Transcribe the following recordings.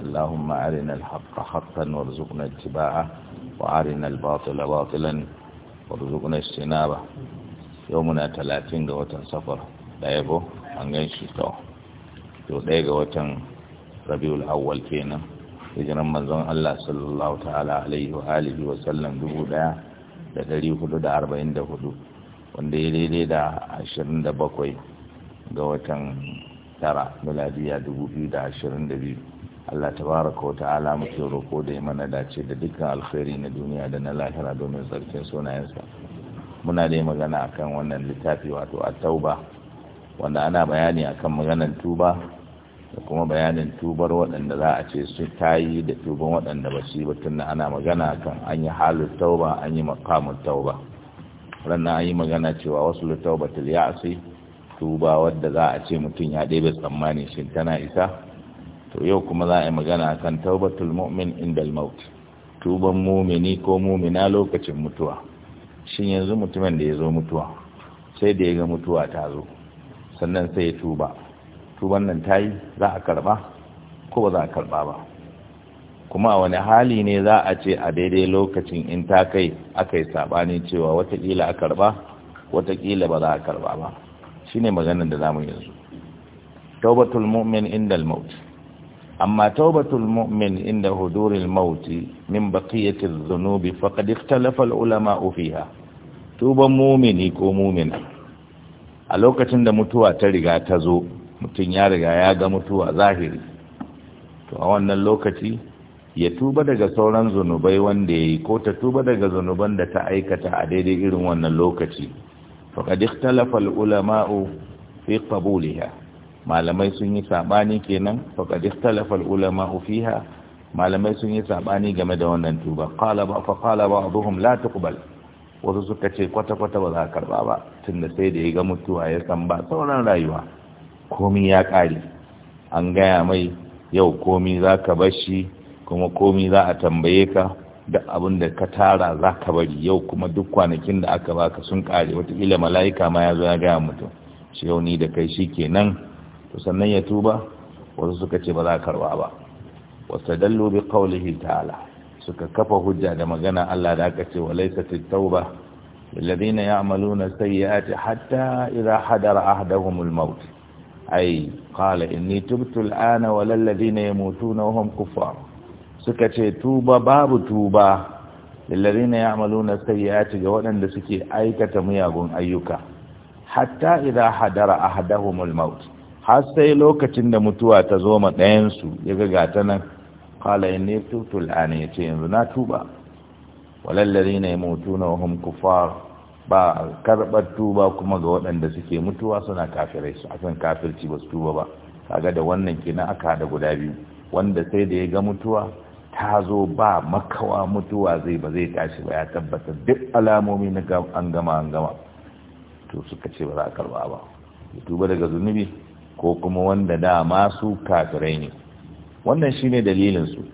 اللهم أرنا الحق حقا وارزقنا اتباعه وأرنا الباطل باطلا وارزقنا اجتنابه يومنا 30 ga watan safar ɗaya bo an gan shi to to daya ga watan rabiul awwal kenan hijiran manzon Allah sallallahu ta'ala alaihi wa alihi wa sallam hudu wanda ya daidai da 27 ga watan tara miladiya 2022 Allah tabaraka wa ta'ala muke roko da ya mana dace da dukkan alkhairi na duniya da na lahira domin tsarkin sunayensa muna da magana akan wannan littafi wato at-tauba wanda ana bayani akan maganar tuba da kuma bayanin tubar waɗanda za a ce su tayi da tuban waɗanda ba su ba tunda ana magana kan an yi halin tauba an yi makamun tauba ranar an yi magana cewa wasu littaubatul ya'asi tuba wadda za a ce mutum ya ɗebe tsammani shi tana isa to yau kuma za a yi magana kan taubatul mu'min indal maut tuban mumini ko mumina lokacin mutuwa shin yanzu mutumin da ya zo mutuwa sai da ya ga mutuwa ta zo sannan sai ya tuba tuban nan ta yi za a karba ko ba za a karba ba kuma wani hali ne za a ce a daidai lokacin in ta kai aka yi saɓani cewa watakila a karba watakila ba za a karba ba Shi ne maganin da za yanzu taubatul mu'min indal maut amma taubatul mu'min inda huduril mauti min baqiyatiz zunubi faqad ikhtalafa al ulama fiha tuban mu'mini ko mu'mina a lokacin da mutuwa ta riga ta zo mutum ya riga ya ga mutuwa zahiri to a wannan lokaci ya tuba daga sauran zunubai wanda ya yi ko ta tuba daga zunuban da ta aikata a daidai irin wannan lokaci faƙad ikhtalafa al ulama'u fi malamai sun yi saɓani kenan faqad ikhtalafa ulama ufiha malamai sun yi saɓani game da wannan tuba qala ba fa qala la tuqbal wasu suka ce kwata kwata ba za karba ba da sai da ya ga mutuwa ya san ba sauran rayuwa komi ya kare an gaya mai yau komi za ka shi kuma komi za a tambaye ka da abin da ka tara za ka bari yau kuma duk kwanakin da aka baka sun kare wataƙila mala'ika ma ya zo ya gaya mutum shi yau ni da kai shi kenan to sannan ya tuba wasu suka ce ba za a karba ba wasu dallo bi qaulihi ta'ala suka kafa hujja da magana Allah da aka ce wa laysatit tauba lilladhina ya'maluna sayyi'ati hatta idha hadara ahaduhumul maut ai qala inni tubtu al'ana wa ya mutu na hum kufa. suka ce tuba babu tuba ya sai ya sayyi'ati ga waɗanda suke aikata miyagun ayyuka hatta idha hadara ahaduhumul maut har sai lokacin da mutuwa ta zo ma ɗayansu ya ga gata nan kala yin ne tutul ya ce yanzu na tuba walallari ne mutu na wahum kufar ba karɓar tuba kuma ga waɗanda suke mutuwa suna kafirai su akan kafirci ba su tuba ba kaga da wannan na aka da guda biyu wanda sai da ya ga mutuwa ta zo ba makawa mutuwa zai ba zai tashi ba ya tabbatar duk alamomi na an gama an gama to suka ce ba za a karɓa ba tuba daga zunubi ko kuma wanda da masu kafirai ne wannan shine ne dalilinsu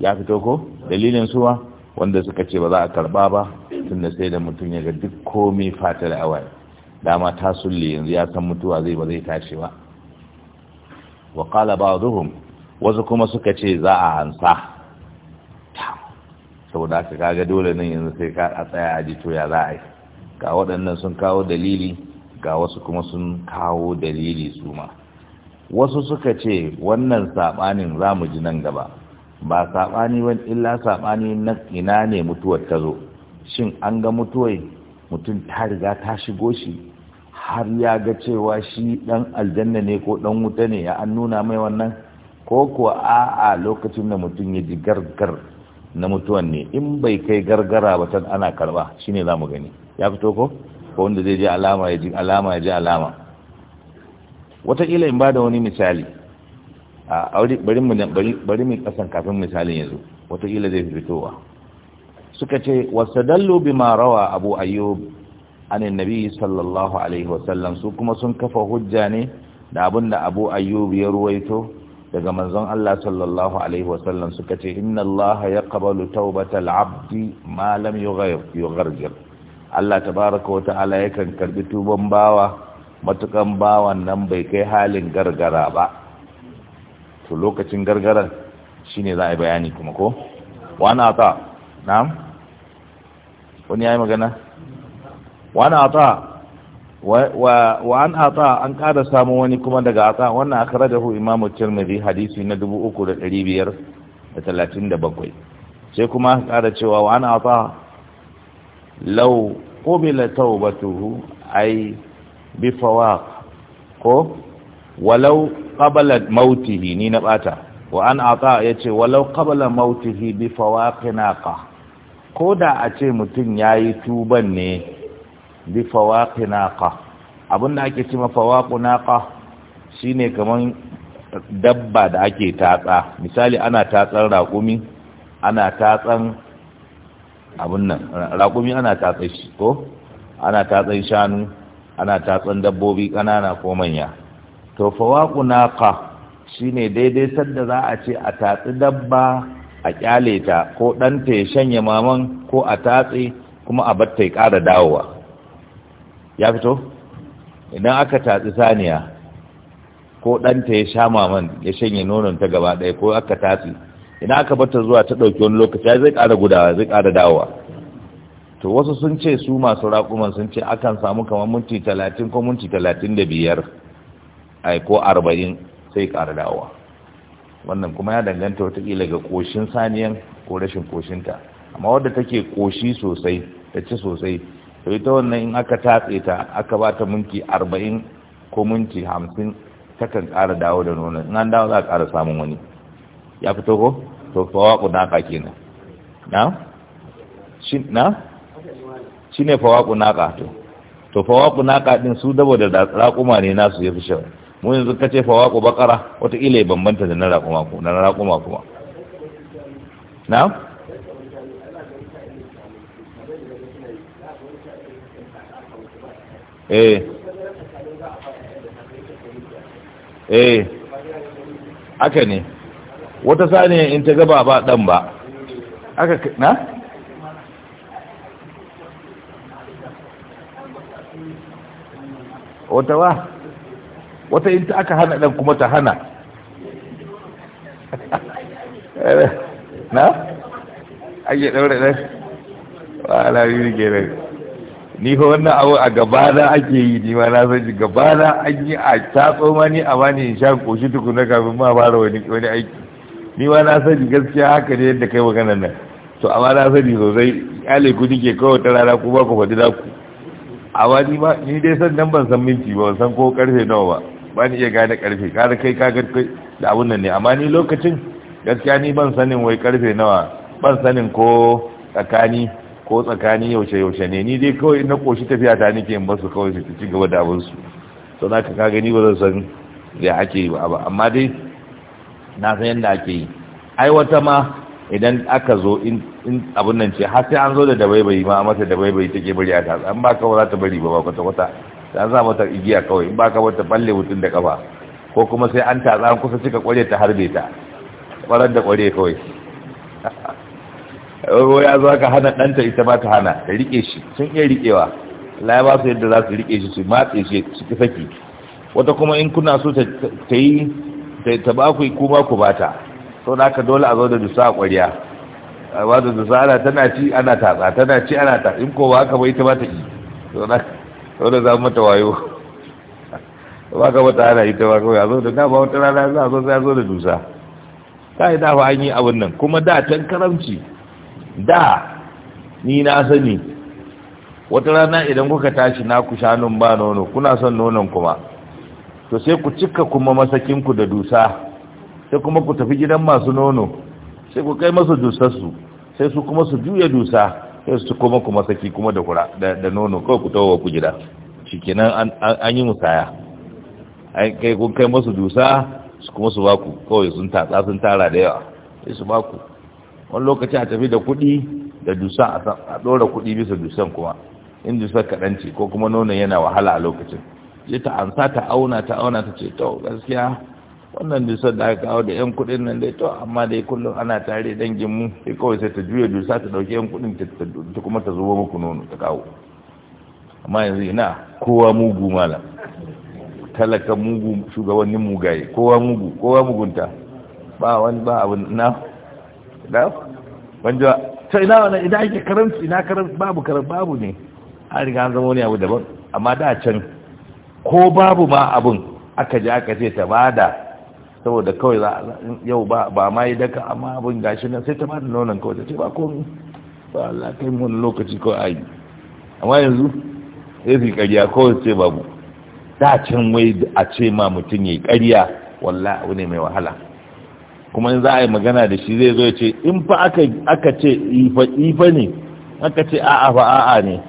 ya fito ko Dalilinsu wa wanda suka ce ba za a karba ba tunda sai da mutum ya ga duk komai fatar awaye dama ta sulle yanzu ya san mutuwa zai ba zai tashi ba wa ba wasu kuma suka ce za a ansa saboda aka kaga dole nan yanzu sai ka a tsaya a ji to ya za a yi ga waɗannan sun kawo dalili ga wasu kuma sun kawo dalili su ma wasu suka ce wannan saɓanin za mu ji nan gaba ba saɓani ba illa saɓani na ina ne mutuwar ta zo shin an ga mutuwai mutum ta riga ta shigo shi har ya ga cewa shi ɗan aljanna ne ko ɗan wuta ne ya an nuna mai wannan ko kuwa a'a lokacin da mutum ya ji gargar na mutuwan ne in bai kai gargara ba can ana karba shine za mu gani ya fito ko? ko wanda zai ji alama ya ji alama ya ji alama wataƙila in ba da wani misali a bari mu kasan kafin misalin yanzu wataƙila zai fitowa suka ce wasadallu bima rawa abu ayyub anin nabi sallallahu alaihi wasallam su kuma sun kafa hujja ne da abinda abu ayyub ya ruwaito daga manzon Allah sallallahu alaihi wasallam suka ce inna allaha yaqbalu tawbatal abdi ma lam yughayyir Allah tabaraka wa ta'ala yakan karbi tuban bawa matukan bawan nan bai kai halin gargara ba to lokacin gargaran shine za a yi bayani kuma ko wani ata na'am wani yayi magana wani ata wa an ata an kada samu wani kuma daga ata wannan akhrajahu imamu tirmidhi hadisi na 3537 sai kuma kada cewa wa an ata law qubila tawbatuhu ay bi fawaq ko walau qabala mautihi ni na bata wa an ata yace walau qabala mautihi bi fawaqinaqa ko da a ce mutum yayi tuban ne bi fawaqinaqa abinda ake cewa fawaqunaqa shine kaman dabba da ake tatsa misali ana tatsar raƙumi ana tatsan abin nan raƙumi ana tatsan shi ko ana tatsa shanu ana tatsan dabbobi ƙanana ko manya to fawaku naqa shine daidai sanda za a ce a tatsi dabba a kyale ta ko ɗanta ya shanye maman ko a tatsi kuma a batta ya ƙara dawowa ya fito idan aka tatsi saniya ko ɗanta ya sha maman ya shanye nonon ta gaba ɗaya ko aka tatsi ina aka bata zuwa ta ɗauki wani lokaci ya zai ƙara gudawa zai ƙara dawowa to wasu sun ce su masu raƙuman sun ce akan samu kamar minti talatin ko minti talatin da biyar ai ko arba'in sai ƙara dawowa wannan kuma ya danganta watakila ga koshin saniyan ko rashin ta amma wadda take koshi sosai ta ci sosai to ita wannan in aka tatse ta aka ba ta minti arba'in ko minti hamsin takan ƙara dawo da nonon in an dawo za a ƙara samun wani ya fito ko to fawaku naka kenan na shi na shi ne fawaku naka to to fawaku naka din su dabo da raƙuma ne nasu yafi fi Mun mu yanzu ka ce fawaku bakara wata ya bambanta da na raƙuma ko na raƙuma kuma na eh eh haka ne wata saniya in ta gaba ba dan ba aka na wata ba wata in ta aka hana dan kuma ta hana na ake ɗaure dan ba ala yi ke nan ni fa wannan abu a gaba na ake yi ni ma na san gaba na an yi a tatso ni a bani in sha koshi tukuna kafin ma fara wani aiki ni ma na sani gaskiya haka ne yadda kai maganar nan to amma na sani sosai yale ku nike kawai ta rana ku ba ku faɗi ku amma ni ma ni dai san nan ban san minti ba ban san ko karfe nawa ba ba ni iya gane karfe kada kai ka ga kai da abun nan ne amma ni lokacin gaskiya ni ban sanin wai karfe nawa ban sanin ko tsakani ko tsakani yaushe yaushe ne ni dai kawai na koshi tafiya ta nake in basu kawai su ci gaba da abun su to na ka gani ba zan san da ake yi ba amma dai na san yadda ake yi ai wata ma idan aka zo in abun nan ce har sai an zo da dabaibayi ma mata dabaibayi take bari a tatsa an ba ka za ta bari ba ba kwata kwata ta za mata igiya kawai in ba ka wata balle mutum da kafa ko kuma sai an tatsa an kusa cika kware ta harbe ta kwarar da kware kawai ko ya zo ka hana ɗanta ita ba ta hana ta rike shi sun iya rikewa Allah ya ba su yadda za su rike shi su matse shi su ki saki wata kuma in kuna so ta yi ta ba ku ba ku bata sau da aka dole a zo da dusa a ƙwariya ba da dusa ana tana ci ana tatsa tana ci ana ta in ba aka bai ta ba ta yi sau da za mata wayo ba ka mata ana yi ta ba kawai a zo da dama wata rana za a zo sai a zo da dusa ta yi dafa an yi abin nan kuma da can karamci da ni na sani wata rana idan kuka tashi na ku sha nun ba nono kuna son nonon kuma to sai ku cika kuma masakinku da dusa sai kuma ku tafi gidan masu nono sai ku kai masa dusarsu sai su kuma su juya dusa sai su kuma ku masaki kuma da kura da nono kawai ku tawo ku gida kenan an yi musaya kai kun kai masu dusa su kuma su baku kawai sun tatsa sun tara da yawa sai su baku wani lokaci a tafi da kuɗi da dusa a ɗora kuɗi bisa dusan kuma in dusa kaɗan ce ko kuma nonon yana wahala a lokacin sai ta ansa ta auna ta auna ta ce to gaskiya wannan dusar da aka kawo da yan kudin nan dai to amma dai kullum ana tare dangin mu sai kawai sai ta juya dusa ta dauki yan kudin ta kuma ta zuba muku nono ta kawo amma yanzu ina kowa mugu malam talaka mugu shugabannin mugaye kowa mugu kowa mugunta ba wani ba abin na da wanda ta ina wani ina ake karanci ina karanci babu karanci babu ne a riga an zama wani abu daban amma da can ko babu ma abun aka je aka ce ta bada saboda kawai za yau ba ma yi daka amma abin gashi nan sai ta ba da nonon kawai ta ce ba komi ba Allah kai mun lokaci kawai a yi amma yanzu sai su ƙarya kawai ce babu da can wai a ce ma mutum ya yi ƙarya walla abu ne mai wahala kuma in za a yi magana da shi zai zo ya ce in fa aka ce ifa ne aka ce a'a fa a'a ne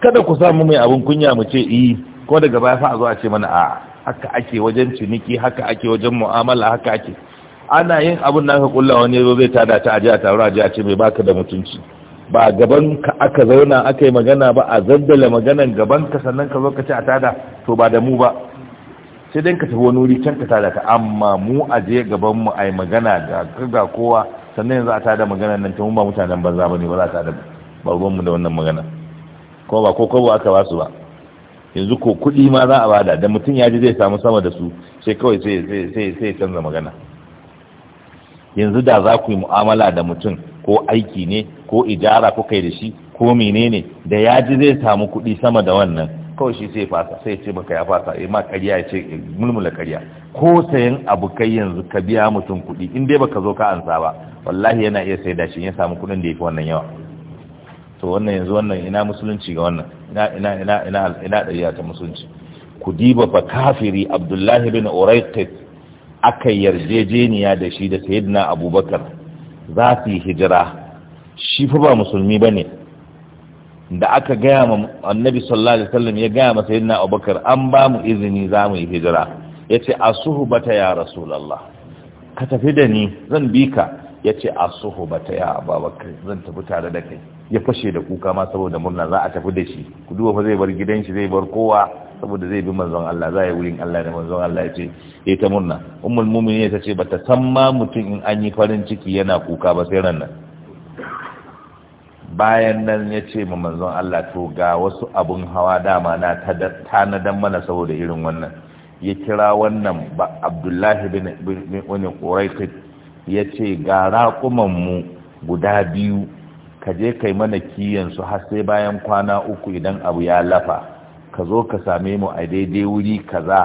kada ku samu mai abin kunya mu ce i ko daga baya fa a zo a ce mana a'a haka ake wajen ciniki haka ake wajen mu'amala haka ake ana yin abin da aka kulla wani yazo zai tada ta aje a taro aje a ce mai baka da mutunci ba gaban ka aka zauna aka yi magana ba a zaddala maganan gaban ka sannan ka zo ka ce a tada to ba da mu ba sai dan ka tafi wani wuri can ka tada ta amma mu aje gaban mu yi magana ga ga kowa sannan yanzu a tada maganan nan ta mu ba mutanen banza bane ba za a tada ba ruwan mu da wannan magana ko ba ko ko ba aka ba su ba yanzu ko kuɗi ma za a bada da mutum ya ji zai samu sama da su sai kawai sai canza magana yanzu da za ku yi mu'amala da mutum ko aiki ne ko ijara ko kai da shi ko menene da ya ji zai samu kuɗi sama da wannan kawai shi sai fasa sai ce maka ya fasa ya ma karya ya ce mulmula karya ko sayan abu kai yanzu ka biya mutum kuɗi in dai baka zo ka ansa ba wallahi yana iya sai da shi ya samu kuɗin da ya fi wannan yawa to wannan yanzu wannan ina musulunci ga wannan ina ina ina ina ina dariya ta musulunci ku diba fa kafiri abdullahi bin uraiqit aka yarjejeniya da shi da sayyidina abubakar za su yi hijira shi fa ba musulmi bane da aka gaya ma annabi sallallahu alaihi wasallam ya gaya ma sayyidina abubakar an ba mu izini za mu yi hijira yace asuhbata ya rasulullah ka tafi da ni zan bi ka yace asuhbata ya abubakar zan tafi tare da kai ya fashe da kuka ma saboda murna za a tafi da shi ku duba fa zai bar gidan shi zai bar kowa saboda zai bi manzon Allah za ya wurin Allah da manzon Allah ya ce ya eh, ta murna ummul mu'minin ta ce bata san ma mutum in an yi farin ciki yana kuka ba sai ran nan bayan nan ya ce ma manzon Allah to ga wasu abun hawa dama na ta tanadan mana saboda irin wannan ya kira wannan ba Abdullahi bin wani ya ce ga raƙuman mu guda biyu ka je kai mana kiyan su har sai bayan kwana uku idan abu ya lafa ka zo ka same mu a daidai wuri kaza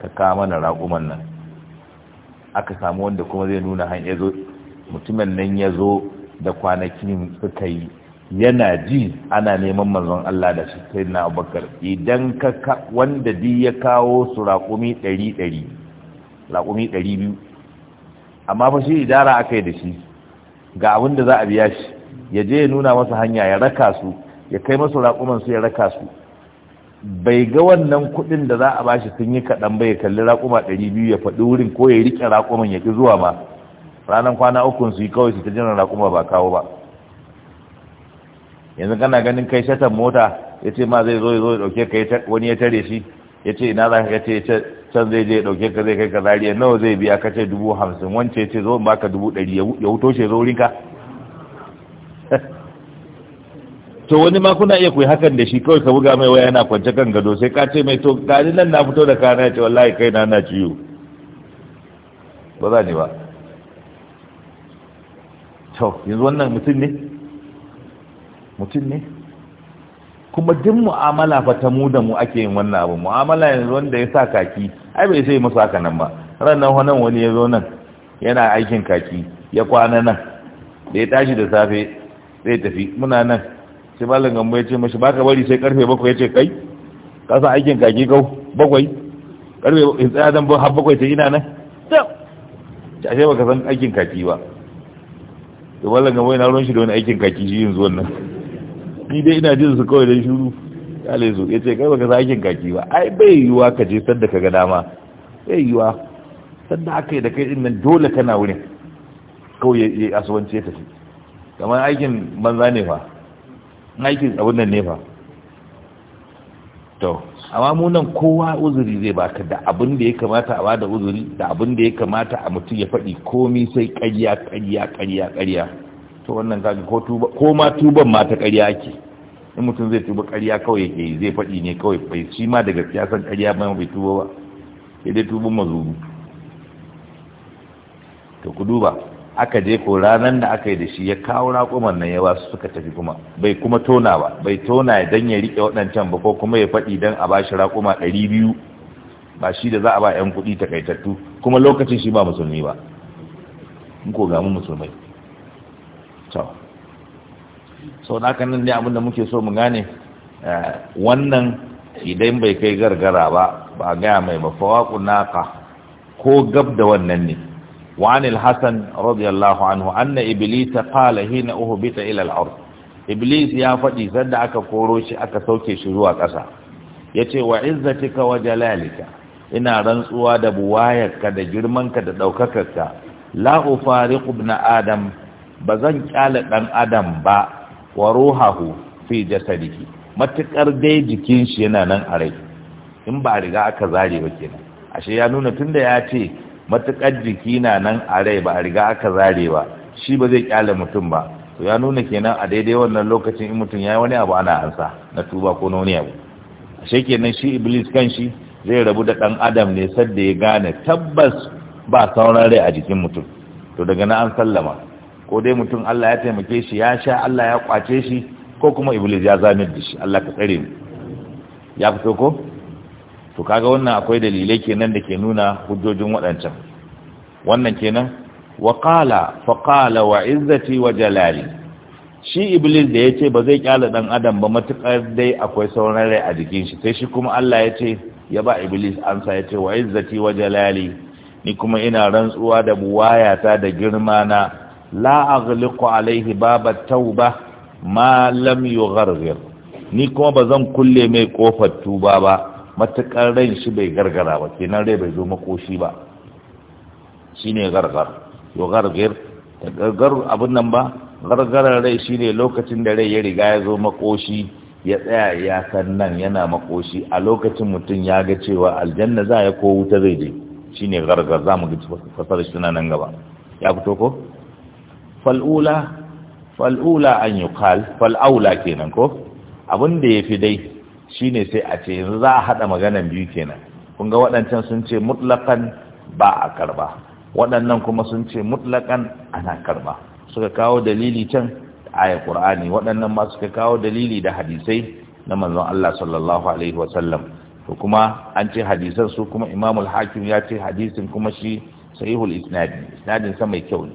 ka ka mana raƙuman nan aka samu wanda kuma zai nuna han ya mutumin nan ya zo da kwanakin suka yi yana ji ana neman manzon Allah da shi na abubakar idan ka wanda di ya kawo su raƙumi ɗari ɗari raƙumi ɗari biyu amma fa shi idara aka yi da shi ga abin da za a biya shi ya je ya nuna masa hanya ya raka su ya kai masu raƙuman su ya raka su bai ga wannan kuɗin da za a bashi sun yi kaɗan bai ya kalli raƙuma ɗari biyu ya faɗi wurin ko ya riƙe raƙuman ya ƙi zuwa ma ranar kwana ukun su yi kawai su ta jiran raƙuma ba kawo ba yanzu kana ganin kai shatan mota ya ce ma zai zo ya zo ya ɗauke ka wani ya tare shi ya ce ina za ka ce can zai je ya ɗauke ka zai kai ka zariya nawa zai biya ka ce dubu hamsin wance ya ce zo in baka dubu ɗari ya wuto shi zo wurinka to wani ma kuna iya kuwa hakan da shi kawai ka buga mai waya yana kwance kan gado sai ka ce mai to gani nan na fito da kana ce wallahi kai na na ciwo ba za ne ba to yanzu wannan mutum ne mutum ne kuma duk mu'amala fa ta mu da mu ake yin wannan abu mu'amala yanzu wanda ya sa kaki ai bai sai musu haka nan ba ranar wannan wani ya zo nan yana aikin kaki ya kwana nan da ya tashi da safe zai tafi muna nan sai malam gambo ya ce mashi baka bari sai karfe bakwai ya ce kai ka sa aikin kaki kau bakwai karfe in tsaya zan bar har bakwai ta ina nan ta ashe baka san aikin kaki ba to malam gambo yana ruwan shi da wani aikin kaki shi yanzu wannan ni dai ina jin su kawai dan shiru kale zo ya ce kai baka san aikin kaki ba ai bai yiwuwa ka je sanda ka ga dama bai yiwuwa sanda aka yi da kai din nan dole kana wurin kawai ya asuwanci ya tafi kamar aikin banza ne fa aikin abin nan ne fa to amma mu nan kowa uzuri zai baka da abin da ya kamata a bada uzuri da abin da ya kamata a mutum ya faɗi komi sai ƙarya ƙarya ƙarya ƙarya to wannan kaga ko tuba ko ma tuban ma ta ƙarya ake in mutum zai tuba ƙarya kawai ke zai faɗi ne kawai bai shi ma da gaskiya san ƙarya ba bai tuba ba sai dai tuban mazuru to ku duba aka je ko ranar da aka yi da shi ya kawo raƙuman nan yawa su suka tafi kuma bai kuma tona ba bai tona dan ya rike waɗancan ba ko kuma ya faɗi dan a bashi raƙuma ɗari biyu ba shi da za a ba 'yan kuɗi takaitattu kuma lokacin shi ba musulmi ba in ko mu musulmai to sau da haka nan ne abinda muke so mu gane eh, wannan idan bai kai gargara ba ba gaya mai mafawa kunaka ko gab da wannan ne وعن الحسن رضي الله عنه أن إبليس قال هنا أهبط إلى الأرض إبليس يا فدي زد أكا كوروش أكا سوكي شروع أسا يتي وعزتك وجلالك إنا رنسوا دبوايك كد جرمان كد دوككك لا أفارق ابن آدم بزن كالت أن آدم با وروحه في جسده ما تكر دي shi yana nan a rai in ba riga aka zare ba kenan ashe matuƙar jiki na nan a rai ba a riga aka zare ba shi ba zai kyale mutum ba to ya nuna kenan a daidai wannan lokacin in mutum ya yi wani abu ana ansa na tuba ko na wani abu ashe kenan shi iblis kan shi zai rabu da ɗan adam ne sadda ya gane tabbas ba sauran rai a jikin mutum to daga na an sallama ko dai mutum Allah ya taimake shi ya sha Allah ya kwace shi ko kuma iblis ya zamir da shi Allah ka tsare mu ya fito ko to kaga wannan akwai dalilai kenan da ke nuna hujjojin waɗancan wannan kenan wa qala fa qala wa izzati wa jalali shi iblis da yace ba zai kyala ɗan adam ba matukar dai akwai sauran rai a jikin shi sai shi kuma Allah ya ce ya ba iblis amsa yace wa izzati wa jalali ni kuma ina rantsuwa da buwayata da girma na la aghliqu ba baba tauba ma lam yughargir ni kuma bazan kulle mai kofar tuba ba matuƙar rai shi bai gargara ba kenan rai bai zo makoshi ba shi ne gargar yau gargar gargar abin nan ba gargarar rai shi ne lokacin da rai ya riga ya zo makoshi ya tsaya ya san nan yana makoshi a lokacin mutum ya ga cewa aljanna za ya kowu ta zai je shi ne gargar za mu ga fasar shi nan gaba ya fito ko fal'ula fal'ula an kal fal'aula kenan ko abin da ya fi dai Shi ne sai a ce yanzu za a haɗa maganan biyu kenan kun ga waɗancan sun ce mutlakan ba a karba waɗannan kuma sun ce mutlakan ana karba suka kawo dalili can aya qur'ani waɗannan ma suka kawo dalili da hadisai na manzon Allah sallallahu alaihi wasallam to kuma an ce hadisan su kuma imamul hakim ya ce hadisin kuma shi sahihul isnadi isnadin sa mai kyau ne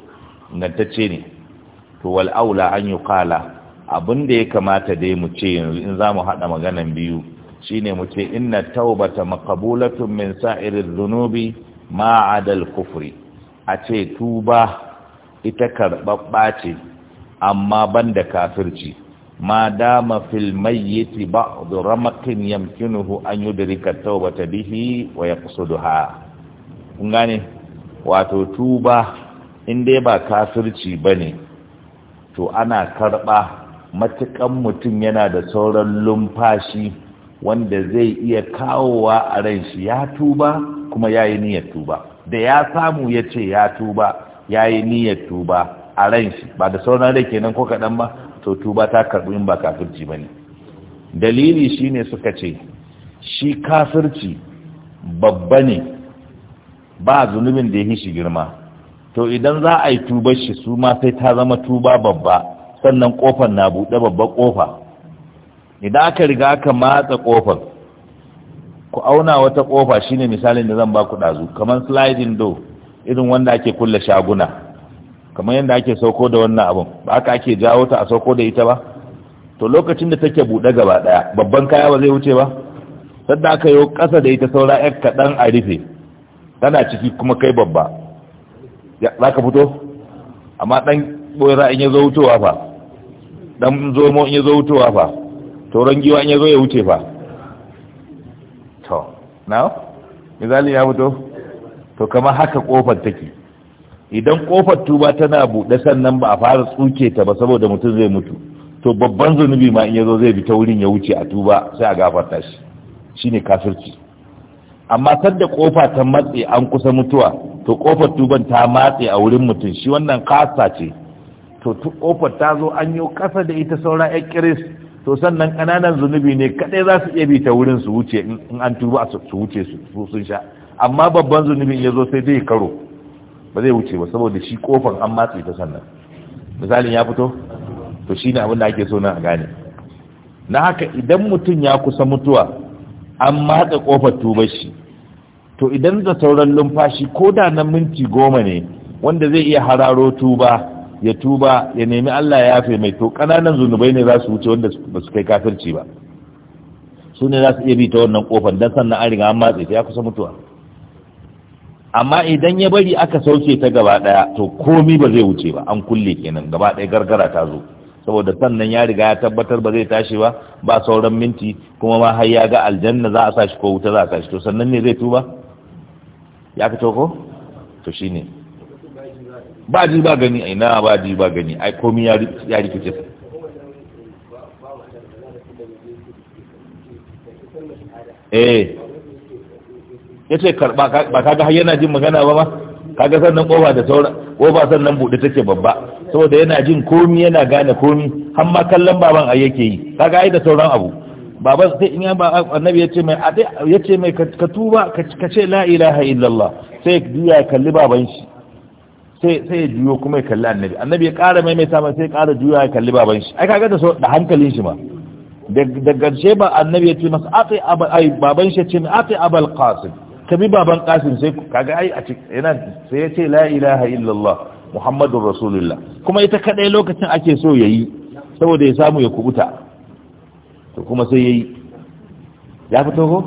ingantacce ne to wal aula an yuqala abin da ya kamata dai mu ce yanzu in za mu haɗa maganan biyu shine mu ce inna taubata maqbulatun min sa'irin zunubi ma'adal kufuri. a ce tuba ita karɓaɓɓa ce amma ban banda kafirci ma dama fil mayyiti da ramakin yamkinuhu an yi yudrika taubata bihi wa ya ha kun gane wato tuba in dai ba kafirci ba ne, to ana karɓa matukan mutum yana da sauran lumfashi wanda zai iya kawowa a ran shi ya tuba kuma ya yi niyyar tuba da ya samu ya ce ya tuba ya yi niyyar tuba a ran shi ba da sauran rai kenan ko kaɗan ba to tuba ta karɓi in ba kafirci ba ne dalili shine suka ce shi kafirci babba ne ba zunubin da ya shi girma to idan za a yi tuba shi su ma sai ta zama tuba babba sannan kofar na buɗe babbar kofa idan aka riga aka matsa kofar ku auna wata kofa shine misalin da zan ba ku ɗazu kamar sliding door irin wanda ake kulle shaguna kamar yadda ake sauko da wannan abun, ba aka ake jawo ta a sauko da ita ba to lokacin da take buɗe gaba ɗaya babban kaya ba zai wuce ba sadda aka yi ƙasa da ita saura yar kaɗan a rufe tana ciki kuma kai babba za ka fito amma ɗan boyara in ya zo wutowa fa ɗan zomo in ya zo wutowa fa toron giwa in ya zo ya wuce fa to na misali ya fito to kamar haka kofar take idan kofar tuba tana buɗe sannan ba a fara tsuke ta ba saboda mutum zai mutu to babban zunubi ma in ya zo zai bi ta wurin ya wuce a tuba sai a gafarta shi shine kafirci amma sadda kofa ta matse an kusa mutuwa to kofar tuban ta matse a wurin mutum shi wannan kasa ce to kofar ta zo an yi kasa da ita saura ya kiris to sannan ƙananan zunubi ne kaɗai za su iya bi ta wurin su wuce in an tuba su wuce su sun sha amma babban zunubin ya zo sai zai karo ba zai wuce ba saboda shi kofar an matse ta sannan misalin ya fito to shi ne abin da ake so na a gane na haka idan mutum ya kusa mutuwa an matsa kofar tubar shi to idan da sauran lumfashi ko da na minti goma ne wanda zai iya hararo tuba ya tuba ya nemi Allah ya yafe mai to kananan zunubai ne za su wuce wanda ba su kai kafirci ba su ne za su iya bi ta wannan kofar don sannan an riga an matse ta ya kusa mutuwa amma idan ya bari aka sauke ta gaba daya to komi ba zai wuce ba an kulle kenan gaba daya gargara ta zo saboda sannan ya riga ya tabbatar ba zai tashi ba ba sauran minti kuma ma har ya ga aljanna za a sa shi ko wuta za a sa shi to sannan ne zai tuba ya ka ko to shine ba ji ba gani a ina ba ji ba gani ai komi ya rikice sa. eh ya ce ba kaga har yana jin magana ba ma kaga sannan kofa da ko ba sannan buɗe take babba saboda yana jin komi yana gane komi har ma kallon baban a yake yi kaga ai da sauran abu baban sai in ba annabi yace mai yace mai ka tuba ka ce la ilaha illallah sai duya kalli baban shi sai sai ya juyo kuma ya kalli annabi annabi ya ƙara maimaita ma sai ya ƙara juya ya kalli baban shi ai kaga da da hankalin shi ma da garshe ba annabi ya ce masa ati ai baban shi ya ce ati abal qasim ka bi baban qasim sai kaga ai a cikin yana sai ya ce la ilaha illallah muhammadur rasulullah kuma ita kadai lokacin ake so yayi saboda ya samu ya kubuta to kuma sai yayi ya fito ko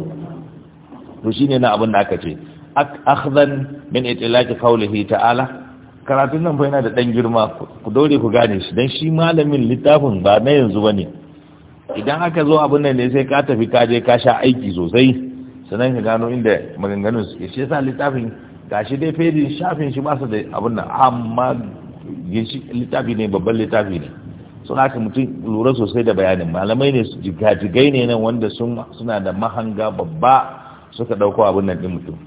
to shine na abin da aka ce akhzan min itlaqi qawlihi ta'ala karatun nan fa yana da ɗan girma ku dore ku gane shi don shi malamin littafin ba na yanzu ba ne idan aka zo abin nan ne sai ka tafi ka je ka sha aiki sosai sanan ka gano inda maganganun su shi yasa littafin gashi dai fedin shafin shi ba su da abin nan amma ginshi littafi ne babban littafi ne sun haka mutum lura sosai da bayanin malamai ne jigajigai ne nan wanda suna da mahanga babba suka ɗauko abin nan ɗin mutum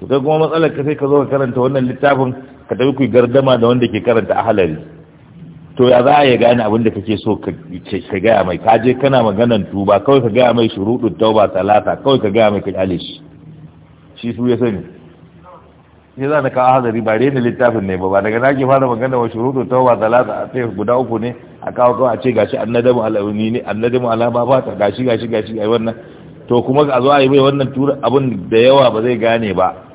to kai kuma matsalar ka sai ka zo ka karanta wannan littafin ka tafi ku gardama da wanda ke karanta halari to ya za a ya gane abinda da kake so ka gaya mai ka je kana maganan tuba kawai ka gaya mai shuruɗin tauba talata kawai ka gaya mai ka kyale shi shi su ya sani shi za na kawo hazari ba rena littafin ne ba ba daga nake fara magana wa shuruɗin tauba talata a sai guda uku ne a kawo kawai a ce gashi annadamu al'auni ne annadamu alama ba ta gashi gashi gashi ai wannan to kuma a zo a yi mai wannan tura abin da yawa ba zai gane ba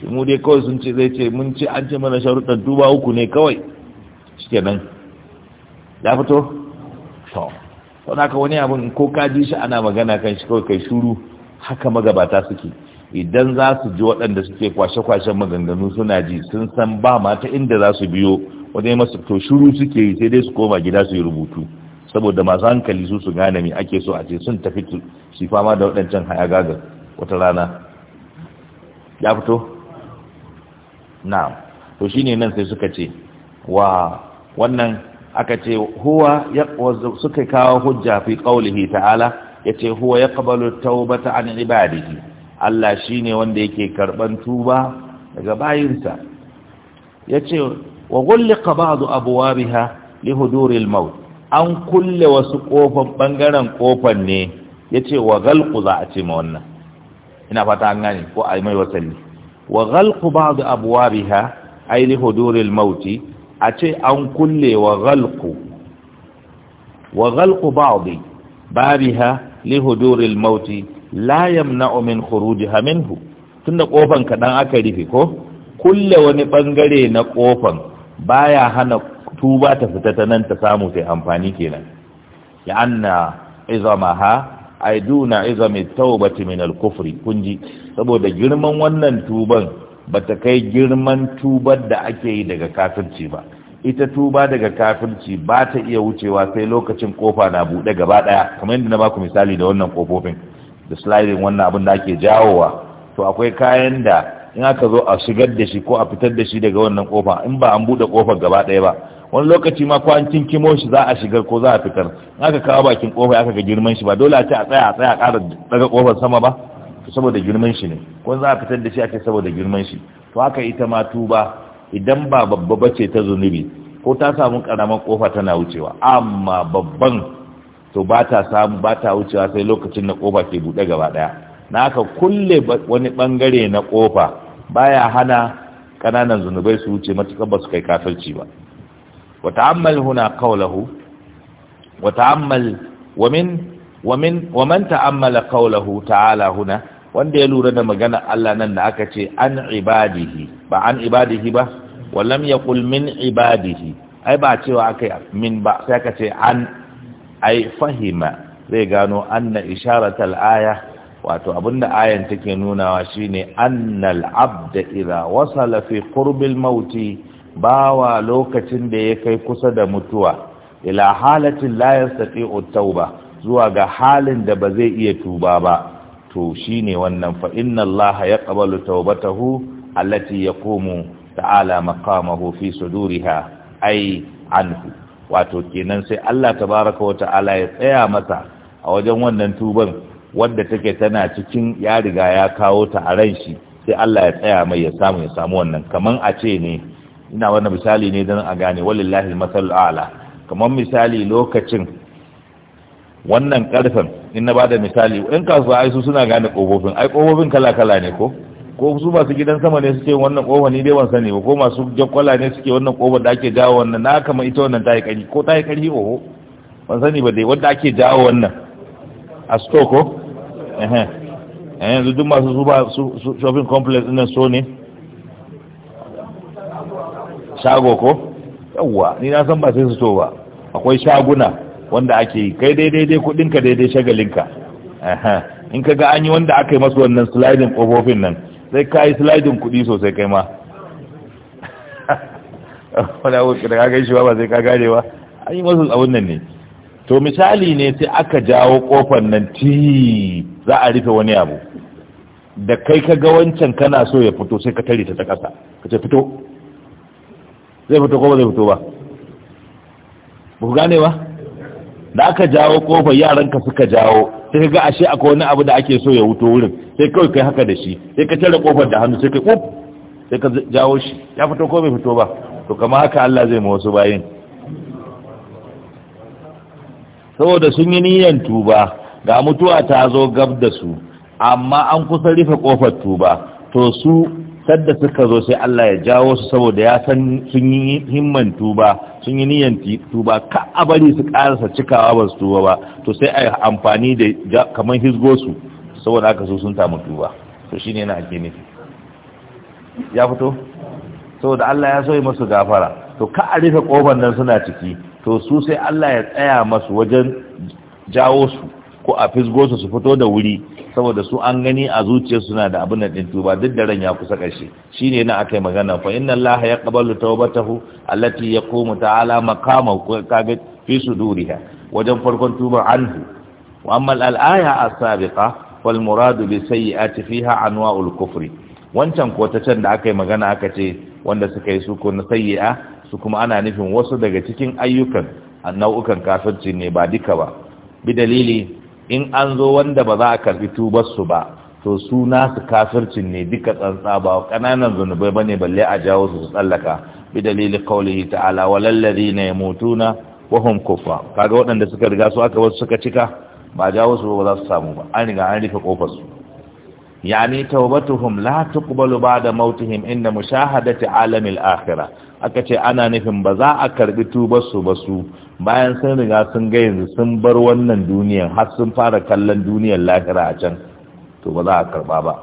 shi mu dai kawai sun ce zai ce mun ce an ce mana sharuɗan duba uku ne kawai shi ke nan ya fito? to sau da wani abin ko kaji shi ana magana kan shi kawai kai shuru haka magabata suke idan za su ji waɗanda suke kwashe-kwashen maganganu suna ji sun san ba mata inda za su biyo wajen masu to shuru suke yi sai dai su koma gida su yi rubutu saboda masu hankali su su gane me ake so a ce sun tafi su fama da waɗancan hayagagar wata rana ya fito na'am to shine nan sai suka ce wa wannan aka ce huwa ya suka kawo hujja fi qaulihi ta'ala yace huwa yaqbalu tawbata an ibadihi Allah shine wanda yake karban tuba daga bayinsa yace wa ghulqa ba'du abwabiha li huduri al-maut an kulle wasu kofan bangaren kofan ne yace wa galqu za a ce ma wannan ina fata an gane ko a mai wasanni wa ghalqu ba'd abwabiha ay li huduril mauti a ce an kulle wa ghalqu wa ghalqu ba'd babiha li huduril mauti la yamna'u min khurujiha minhu tunda kofan ka dan aka rufe ko kulle wani bangare na kofan baya hana tuba ta fita ta nan ta samu sai amfani kenan ya anna izamaha aidu iza mai taubati min al-kufri kunji saboda girman wannan tuban ba ta kai girman tubar da ake yi daga kafirci ba ita tuba daga kafirci ba ta iya wucewa sai lokacin kofa na bude gaba ɗaya kamar yadda na baku misali da wannan kofofin da sliding wannan abin da ake jawowa to akwai kayan da in aka zo a shigar da shi ko a fitar da shi daga wannan kofa in ba an bude kofar gaba ɗaya ba wani lokaci ma ko an shi za a shigar ko za a fitar aka kawo bakin kofa aka ga girman shi ba dole a ce a tsaya a tsaya a ƙara daga kofar sama ba saboda girman shi ne ko za a fitar da shi a ce saboda girman shi to haka ita ma tuba idan ba babba bace ta zunubi ko ta samu karamar kofa tana wucewa amma babban to ba ta samu ba ta wucewa sai lokacin da kofa ke buɗe gaba ɗaya na haka kulle wani bangare na kofa baya hana ƙananan zunubai su wuce matuƙar ba su kai kafirci ba وتعمل هنا قوله وتعمل ومن ومن ومن تعمل قوله تعالى هنا wanda ya lura da magana Allah nan da aka ce an ibadihi ba an ibadihi ba walam ya min ibadihi ai ba cewa akai min ba sai aka ce an ai fahima zai gano anna isharatal aya wato abinda ayan take nunawa shine annal abda idha wasala fi qurbil mauti bawa lokacin da ya kai kusa da mutuwa ila halatin la yastati'u tauba zuwa ga halin da ba zai iya tuba ba to shine wannan fa inna Allah yaqbalu taubatahu allati yaqumu ta'ala maqamahu fi suduriha ai, anhu wato kenan sai Allah baraka wa ta'ala ya tsaya masa a wajen wannan tuban wanda take tana cikin ya riga ya kawo ta a ran shi sai Allah ya tsaya mai ya samu ya samu wannan kaman a ce ne ina wannan misali ne don a gane walillahi al-masal a'la kamar misali lokacin wannan karfin in na bada misali in kasuwa ai su suna gane kofofin ai kofofin kala kala ne ko ko su masu gidan sama ne suke wannan kofa ni dai ban sani ba ko masu jakwala ne suke wannan kofa da ake jawo wannan na kama ita wannan ta yi kari ko ta yi kari oho ban sani ba dai wanda ake jawo wannan a stoko ko eh yanzu duk masu su ba su shopping complex ɗin so ne shago ko yawwa ni na san ba sai su to ba akwai shaguna wanda ake yi kai daidai dai kudinka daidai shagalinka in ka ga an yi wanda aka yi masu wannan sliding kofofin nan sai ka yi sliding kudi sosai kai ma wani abu da ka gaishe ba sai ka gane ba an yi masu abun nan ne to misali ne sai aka jawo kofan nan ti za a rufe wani abu da kai ka ga wancan kana so ya fito sai ka tare ta ta kasa ka ce fito zai fito ko ba zai fito ba ba ku gane ba da aka jawo kofar yaranka suka jawo sai ka ga ashe akwai wani abu da ake so ya wuto wurin sai kawai kai haka da shi sai ka tare kofar da hannu sai kai kuf sai ka jawo shi ya fito ko bai fito ba to kama haka Allah zai ma wasu bayin saboda sun yi niyyar tuba ga mutuwa ta zo gab da su amma an kusa rufe kofar tuba to su sadda suka zo sai Allah ya jawo su saboda ya san sun yi himman tuba sun yi niyan tuba ka a bari su karasa cikawa ba su tuba ba to sai a amfani da kamar hizgo su saboda aka so sun samu tuba to shine yana ake ya fito saboda Allah ya so yi masu gafara to ka a rufe kofar nan suna ciki to su sai Allah ya tsaya masu wajen jawo su ko a fisgo su su fito da wuri saboda su an gani a zuciya suna da abin din tuba duk da ran ya kusa karshe shine na akai magana fa inna Allah ya qabalu tawbatahu allati yaqumu ta'ala maqamahu kaga fi suduriha wajen farkon tuba anhu wa amma al-aya as-sabiqa wal murad bi sayyi'ati fiha anwa'ul kufri wancan ko ta can da akai magana aka ce wanda suka yi su ko na sayyi'a su kuma ana nufin wasu daga cikin ayyukan nau'ukan kafirci ne ba duka ba bi dalili in an zo wanda ba za a karbi tubarsu ba to su nasu kafircin ne duka tsantsa ba ƙananan zunubai ba ne balle a jawo su tsallaka bi dalilin kaulihi ta'ala walallazi na yamutuna wa hum kufa kaga waɗanda suka riga su aka wasu suka cika ba jawo su ba za su samu ba an riga an rufe kofar su yani tawbatuhum la tuqbalu ba'da mautihim inda mushahadati alamil akhirah aka ce ana nufin ba za a karbi tubarsu ba su bayan sun riga sun ga yanzu sun bar wannan duniyan har sun fara kallon duniyan lahira a can to ba za a karba ba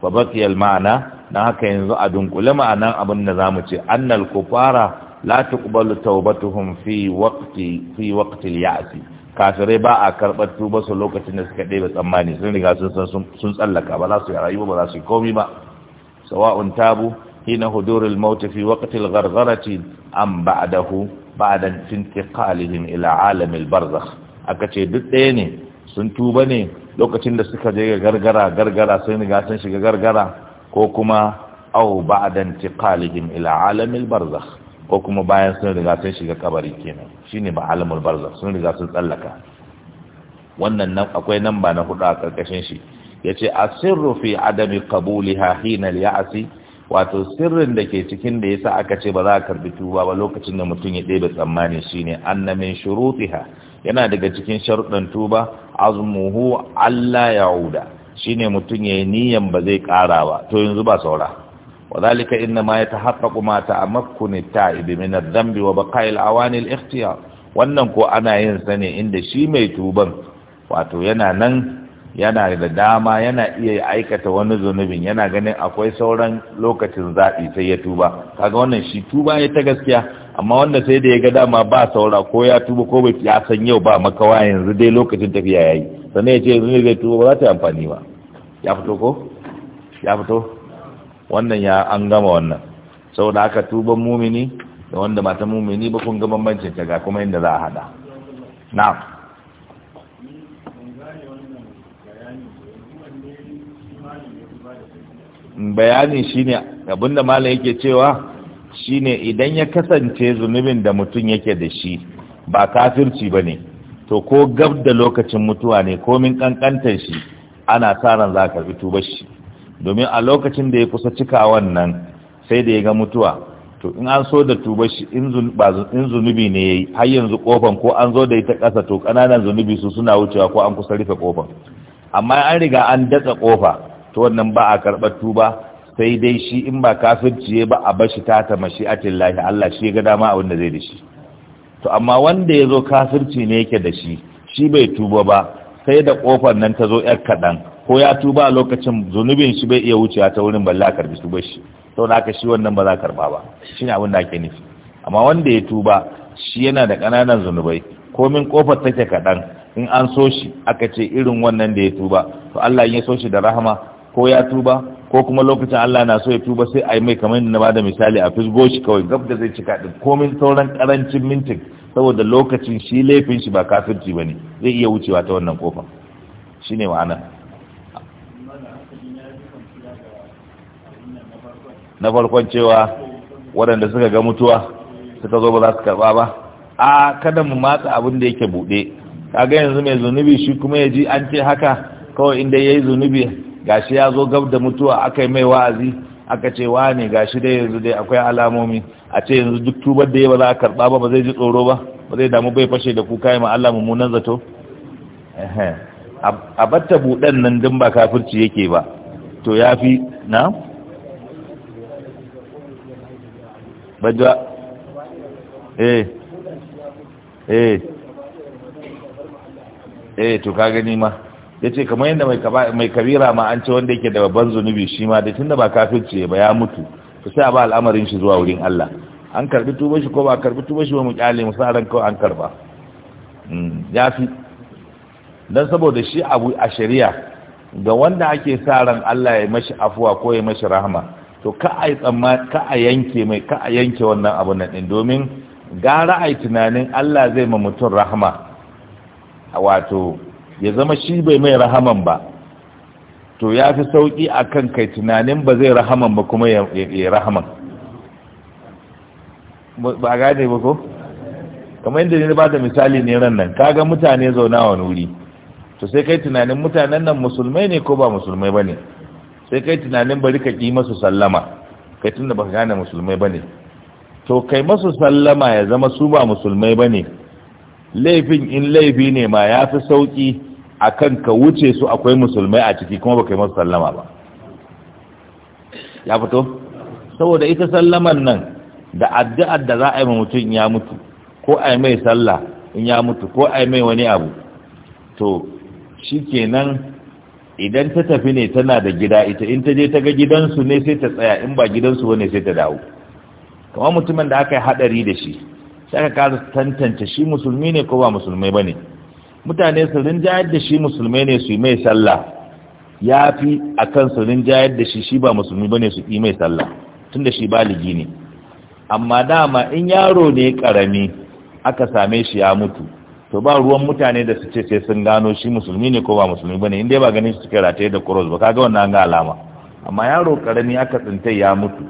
fa ma'ana na haka yanzu a dunkule ma'anan abin da zamu ce annal kufara la tuqbalu tawbatuhum fi waqti fi waqti al-ya'si kafirai ba a karɓar tuba su lokacin da suka ɗebe tsammani sun riga sun san sun tsallaka ba za su yi rayuwa ba za su yi komi ba sawa'un tabu hina hudurul maut fi waqti al-ghargharati am ba'dahu ba'da intiqalihim ila alamil barzakh aka ce duk ɗaya ne sun tuba ne lokacin da suka je gargara gargara sun riga sun shiga gargara ko kuma au ba'da intiqalihim ila alamil barzakh ko kuma bayan sun riga sun shiga kabari kenan shine ba alamul barzakh sun riga sun tsallaka wannan nan akwai namba na hudu a karkashin shi yace asirru fi adami qabuliha hina al-ya'si wato sirrin da ke cikin da yasa aka ce ba za a karbi tuba ba lokacin da mutum ya ɗebe tsammani shine annamin min shuruɗiha yana daga cikin sharuɗan tuba ya alla shi shine mutum ya yi niyan ba zai ƙara ba to yanzu ba saura wadhalika inna ma ta ma ta'amakkuni ta'ibi min adh-dhanbi wa baqa'i al-awani al-ikhtiyar wannan ko ana yin sa ne inda shi mai tuban wato yana nan yana da dama yana iya aikata wani zunubin yana ganin akwai sauran lokacin zaɓi sai ya tuba kaga wannan shi tuba ya ta gaskiya amma wanda sai da ya ga dama ba saura ko ya tuba ko bai ya san yau ba makawa yanzu dai lokacin tafiya yayi sannan ya ce yanzu ne zai tuba ba za ta yi amfani ba ya fito ko ya fito wannan ya an gama wannan saboda aka tuban mumini da wanda matan mumini ba kun ga bambancin ta ga kuma inda za a hada na'am bayani ne abinda malam yake cewa shi ne idan ya kasance zunubin da mutum yake da shi ba kafirci ba ne to ko gab da lokacin mutuwa ne komin kankantar shi ana sa ran za ka tuba shi domin a lokacin da ya kusa cika wannan sai da ya ga mutuwa to in an so da tuba shi in zunubi ne ya yi har yanzu kofan ko an zo da ita ƙasa to kananan zunubi su suna wucewa ko an kusa rufe kofan amma an riga an datsa kofa to wannan ba a karɓar tuba sai dai shi in ba kafirci ba a bashi ta ta mashi'atin lahi Allah shi ga dama abin da zai da shi to amma wanda ya zo kafirci ne yake da shi shi bai tuba ba sai da kofar nan ta zo yar kaɗan ko ya tuba a lokacin zunubin shi bai iya wucewa ta wurin balla karbi tuba shi to na ka shi wannan ba za karba ba shi ne abin da ake nufi amma wanda ya tuba shi yana da ƙananan zunubai komin kofar take kaɗan in an so shi aka ce irin wannan da ya tuba to Allah ya so shi da rahama ko ya tuba ko kuma lokacin Allah na so ya tuba sai a yi mai kamar yadda na bada misali a fisgo shi kawai gab da zai cika din komin sauran karancin mintin saboda lokacin shi laifin shi ba kafirci ne zai iya wucewa ta wannan kofa shine ma'ana na farkon cewa waɗanda suka ga mutuwa suka zo ba za su karɓa ba a kada mu matsa abin da yake buɗe kaga yanzu mai zunubi shi kuma ya ji an ce haka kawai inda ya yi zunubi gashi ya zo gab da mutuwa aka yi mai wa'azi aka ce wa ne gashi dai yanzu dai akwai alamomi a ce yanzu duk tubar da ya ba za a karɓa ba ba zai ji tsoro ba ba zai damu bai fashe da kuka yi Allah mummunan zato a batta buɗan nan din ba kafirci yake ba to ya fi na? bajwa eh eh eh to ka gani ma ya ce kamar yadda mai kabira ma an ce wanda yake da babban zunubi shi ma da tun da ba kafirce ba ya mutu ta sai a ba al'amarin shi zuwa wurin Allah an karbi tuba shi ko ba karbi tuba shi ba mu kyale mu sa ran kawai an karba hmm, ya fi dan saboda shi abu a shari'a ga wanda ake sa ran Allah ya mashi afuwa ko ya mashi rahama to ka a tsamma ka a yanke mai ka a yanke wannan abu nan din domin gara ai tunanin Allah zai ma mutum rahama wato ya zama shi bai mai rahaman ba to ya fi sauƙi a kan kai tunanin ba zai rahaman ba kuma ya rahaman ba gane ba ko kamar yadda ne ba da misali ne ran nan kaga mutane zauna wani wuri to sai kai tunanin mutanen nan musulmai ne ko ba musulmai ba ne sai kai tunanin bari ka ƙi masu sallama kai tun da ba gane musulmai ba ne to kai masu sallama ya zama su ba musulmai ba ne laifin in laifi ne ma ya fi sauƙi akan ka wuce su akwai musulmai a ciki kuma baka yi masu sallama ba ya fito saboda ita sallaman nan da addu'ar da za a yi mutum in ya mutu ko a mai sallah in ya mutu ko a mai wani abu to shikenan idan ta tafi ne tana da gida ita in ta je ta ga gidansu ne sai ta tsaya in ba gidansu bane sai ta dawo kamar mutumin da aka yi hadari da shi sai aka kasa tantance shi musulmi ne ko ba musulmai bane mutane su rinjayar da shi musulmai ne su yi mai sallah ya fi a kan su rinjayar da shi shi ba musulmi ba ne su yi mai sallah tun da shi baligi ne amma dama in yaro ne karami aka same shi ya mutu to ba ruwan mutane da su ce sai sun gano shi musulmi ne ko ba musulmi ba ne inda ba ganin su suka rataye da kuros ba kaga wannan ga alama amma yaro karami aka tsinta ya mutu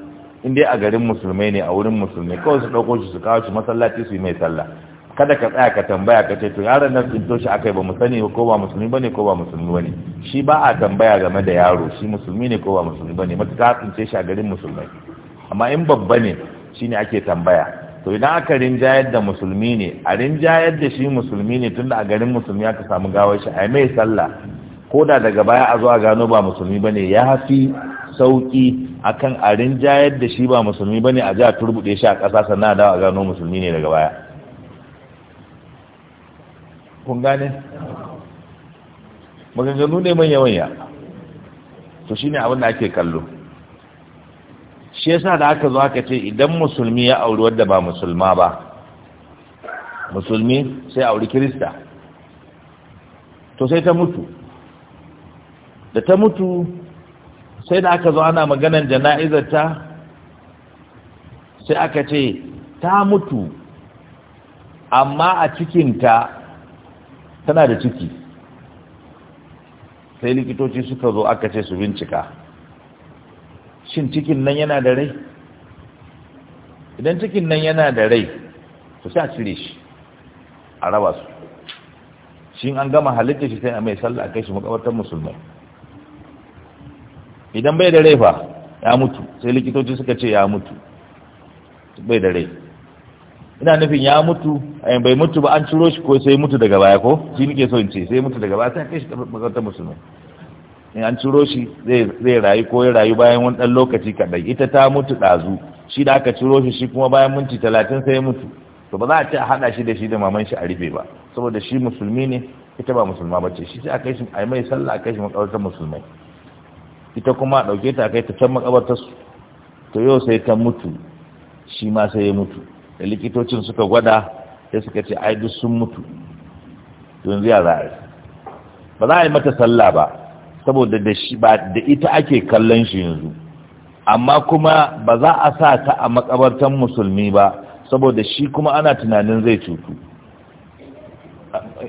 in dai a garin musulmai ne a wurin musulmai kawai su ɗauko shi su kawo shi masallaci su yi mai sallah kada ka tsaya ka tambaya ka ce to yaron nan tsinto toshi akai ba mu sani ko ba musulmi bane ko ba musulmi bane shi ba a tambaya game da yaro shi musulmi ne ko ba musulmi bane ta tsince shi a garin musulmai amma in babba ne shine ake tambaya to idan aka rinjayar da musulmi ne a rinjayar da shi musulmi ne tunda a garin musulmi aka samu gawar shi a mai sallah ko da daga baya a zo a gano ba musulmi bane ya fi sauki akan a rinjayar da shi ba musulmi bane a ja turbude shi a ƙasa sannan a dawo a gano musulmi ne daga baya kun gane maganganu ne manya-manya to shi ne abin da ake kallo shi yasa da aka zo aka ce idan musulmi ya auri wadda ba musulma ba musulmi sai auri kirista to sai ta mutu da ta mutu sai da aka zo ana maganan jana'izarta sai aka ce ta mutu amma a cikinta tana da ciki sai likitoci suka zo aka ce su bincika shin cikin nan yana da rai idan cikin nan yana da rai su sa cire shi a raba su shi an gama halitta shi sai a mai sallah a kai shi makabartar musulmai idan bai da rai fa ya mutu sai likitoci suka ce ya mutu bai da rai ina nufin ya mutu eh, bai mutu ba an ciro shi ko sai mutu daga baya ko shi nake so in ce sai mutu daga baya sai kai shi makarantar musulmi in an ciro shi zai rayu ko ya rayu bayan wani dan lokaci kadai ita ta mutu dazu shi da aka ciro shi shi kuma bayan minti talatin sai ya mutu to ba za a ce a hada shi da shi da maman shi a rufe ba saboda shi musulmi ne ita ba musulma ba ce shi sai a kai shi a mai sallah a kai shi makarantar musulmai ita kuma dauke ta kai ta can makabartar su to yau sai ta mutu shi ma sai ya mutu da likitocin suka gwada sai suka ce ai duk sun mutu yanzu ya za a yi ba za a yi mata sallah ba saboda da shi ba da ita ake kallon shi yanzu amma kuma ba za a sa ta a makabartan musulmi ba saboda shi kuma ana tunanin zai cutu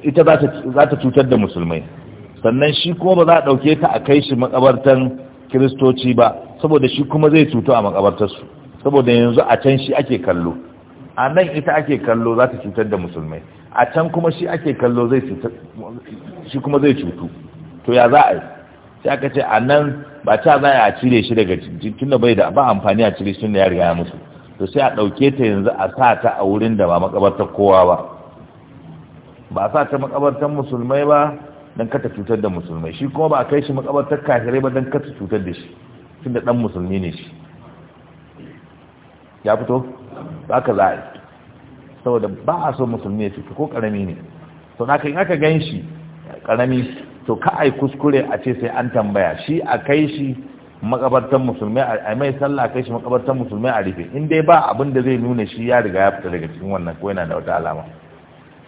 ita za ta cutar da musulmai sannan shi kuma ba za a ɗauke ta a kai shi makabartan kiristoci ba saboda shi kuma zai cutu a makabartarsu saboda yanzu a can shi ake kallo a nan ita ake kallo za ta cutar da musulmai a can kuma shi ake kallo zai cutar shi kuma zai cutu to ya za a yi sai aka ce a nan ba ta za a cire shi daga tun da bai da ba amfani a cire shi da ya riga ya musu to sai a ɗauke ta yanzu a sa ta a wurin da ba makabartar kowa ba ba sa ta makabartar musulmai ba don kata cutar da musulmai shi kuma ba a kai shi makabartar kafirai ba don kata cutar da shi tun da ɗan musulmi ne shi ya fito ba ka za a yi saboda ba a so musulmi ya fito ko karami ne to na kan aka gan shi karami to ka ai kuskure a ce sai an tambaya shi a kai shi makabartan musulmi a mai sallah kai shi makabartan musulmi a rufe in dai ba abin da zai nuna shi ya riga ya fita daga cikin wannan ko yana da wata alama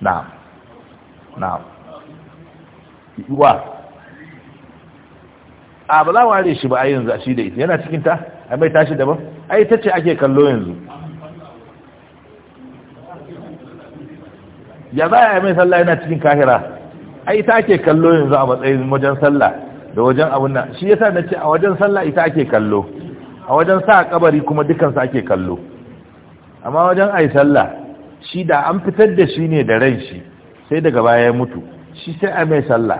Na na wa a ba za ware shi ba a yanzu a shi da ita yana cikin ta a mai tashi daban ai ta ce ake kallo yanzu ya za a yi mai sallah yana cikin kahira ai ita ke kallo yanzu a matsayin wajen sallah da wajen abun nan shi yasa na ce a wajen sallah ita ake kallo a wajen sa kabari kuma dukansu ake kallo amma wajen ai sallah shi da an fitar da shi ne da ran shi sai daga baya ya mutu shi sai a mai sallah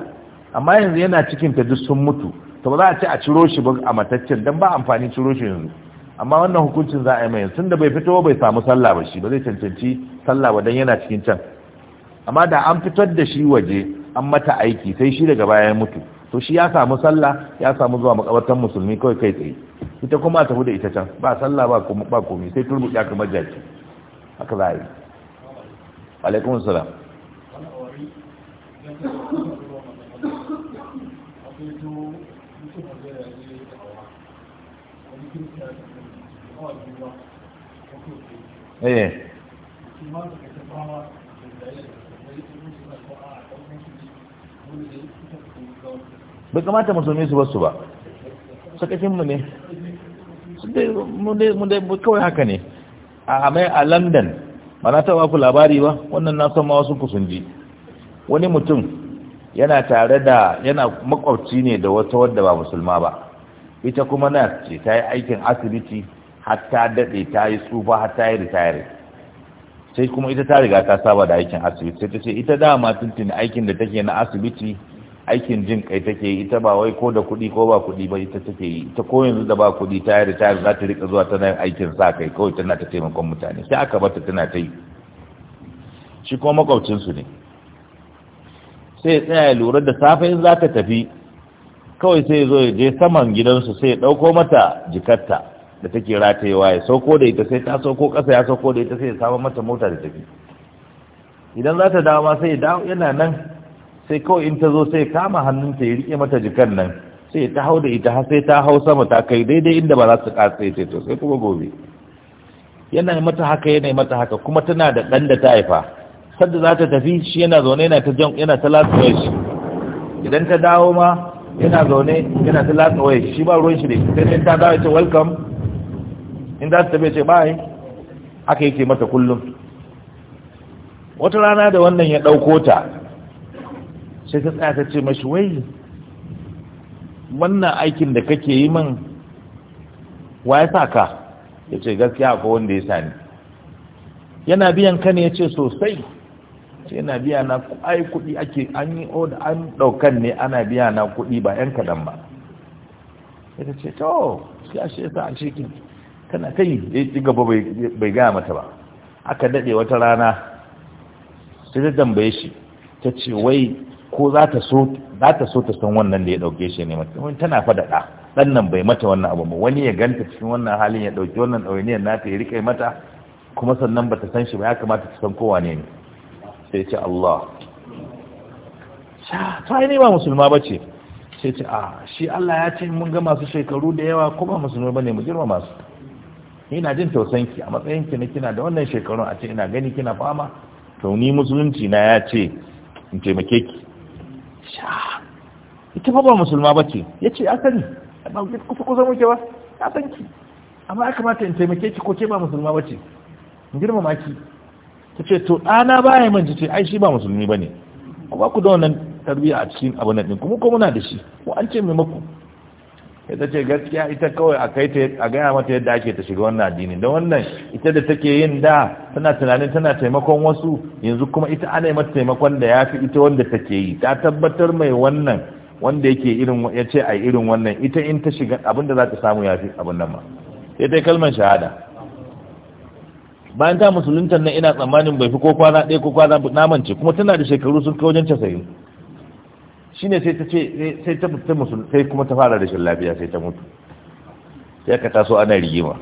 amma yanzu yana cikin ta duk sun mutu to ba za a ce a ciro shi ba a mataccen dan ba amfani ciro shi yanzu amma wannan hukuncin za a yi mai tun da bai fito bai samu sallah ba shi ba zai cancanci sallah ba dan yana cikin can amma da an fitar da shi waje an mata aiki sai shi daga baya ya mutu to shi ya samu sallah ya samu zuwa makabartan musulmi kawai kai tsaye ita kuma ta da ita can ba sallah ba kuma ba komai sai turbu ya kuma jaki haka za a yi alaikum assalam eh bai kamata musulmi su basu ba mu ne mu dai kawai haka ne a amai a london ba na taba ku labari ba wannan na son ma wasu kusunji wani mutum yana tare da yana makwabci ne da wata wadda ba musulma ba ita kuma na ce ta yi aikin asibiti har ta daɗe ta yi tsufa har ta yi ritare sai kuma ita ta riga ta saba da aikin asibiti sai ta ce ita dama tuntun aikin da take na asibiti aikin jin kai take yi ita ba wai ko da kuɗi ko ba kuɗi ba ita take yi ita ko yanzu da ba kuɗi ta yi ta za ta rika zuwa tana aikin sa kai kawai tana ta taimakon mutane sai aka bata tana ta yi shi ko makwabcinsu ne sai ya tsaya ya lura da safe in za ta tafi kawai sai ya zo ya je saman gidansu sai ya ɗauko mata jikarta da take ratayewa ya sauko da ita sai ta sauko ƙasa ya sauko da ita sai ya samu mata mota da tafi idan za ta dawo ma sai ya dawo yana nan sai kawai in ta zo sai kama hannunta ya riƙe mata jikan nan sai ta hau da ita har sai ta hau sama ta kai daidai inda ba za su katse ta to sai kuma gobe yana mata haka yana mata haka kuma tana da ɗan da ta haifa sadda za ta tafi shi yana zaune yana ta jan yana ta latsa shi idan ta dawo ma yana zaune yana ta latsa waya shi ba ruwan shi ne sai sai ta dawo ce welcome in za ta tafi ce bye haka yake mata kullum wata rana da wannan ya ɗauko ta sai ta tsaya ta ce mashi wai wannan aikin da kake yi man wa ya sa ka ya ce gaskiya ko wanda ya sani yana biyan ka ne ya ce sosai ce yana biya na ai kuɗi ake an yi oda an ɗaukan ne ana biya na kuɗi ba yan kaɗan ba ya ta ce to shi a shi yasa a shekin tana kai ya ci gaba bai gaya mata ba aka daɗe wata rana sai ta tambaye shi ta ce wai ko za ta so za ta san wannan da ya dauke shi ne mata wani tana fa da nan bai mata wannan abu ba wani ya ganta cikin wannan halin ya dauki wannan ɗawainiyar nata ya rike mata kuma sannan bata san shi ba ya kamata ta san kowa ne sai ce Allah ta ne ba musulma ba ce sai ce a ah, shi Allah ya ce mun ga masu shekaru da yawa kuma musulma ba ne mu girma masu ina jin ki? a matsayin ki na kina da wannan shekaru a ce ina gani kina fama to ni musulunci na ya ce in taimake ki Ah, ita fa ba musulma ba ce ya ce asali ba kusa kusa muke ba ya san amma ya kamata in taimake ki ko ke ba musulma ba ce in girma maki ta ce to ɗana ba ya manci ce ai shi ba musulmi ba ne ku ba ku da wannan tarbiyya a cikin abu na ɗin kuma ko muna da shi ko an ce mai maku ita ce gaskiya ita kawai a kai ta gaya mata yadda ake ta shiga wannan addini da wannan ita da take yin da tana tunanin tana taimakon wasu yanzu kuma ita ana yi mata taimakon da ya fi ita wanda take yi ta tabbatar mai wannan wanda yake irin ya ce a irin wannan ita in ta shiga abin da za ta samu ya fi abin nan ma sai ta kalmar shahada bayan ta musulunta nan ina tsammanin bai fi ko kwana ɗaya ko kwana namance kuma tana da shekaru sun kai wajen casa'in shine sai ta ce sai ta fita musu sai kuma ta fara rashin lafiya sai ta mutu sai ka taso ana rigima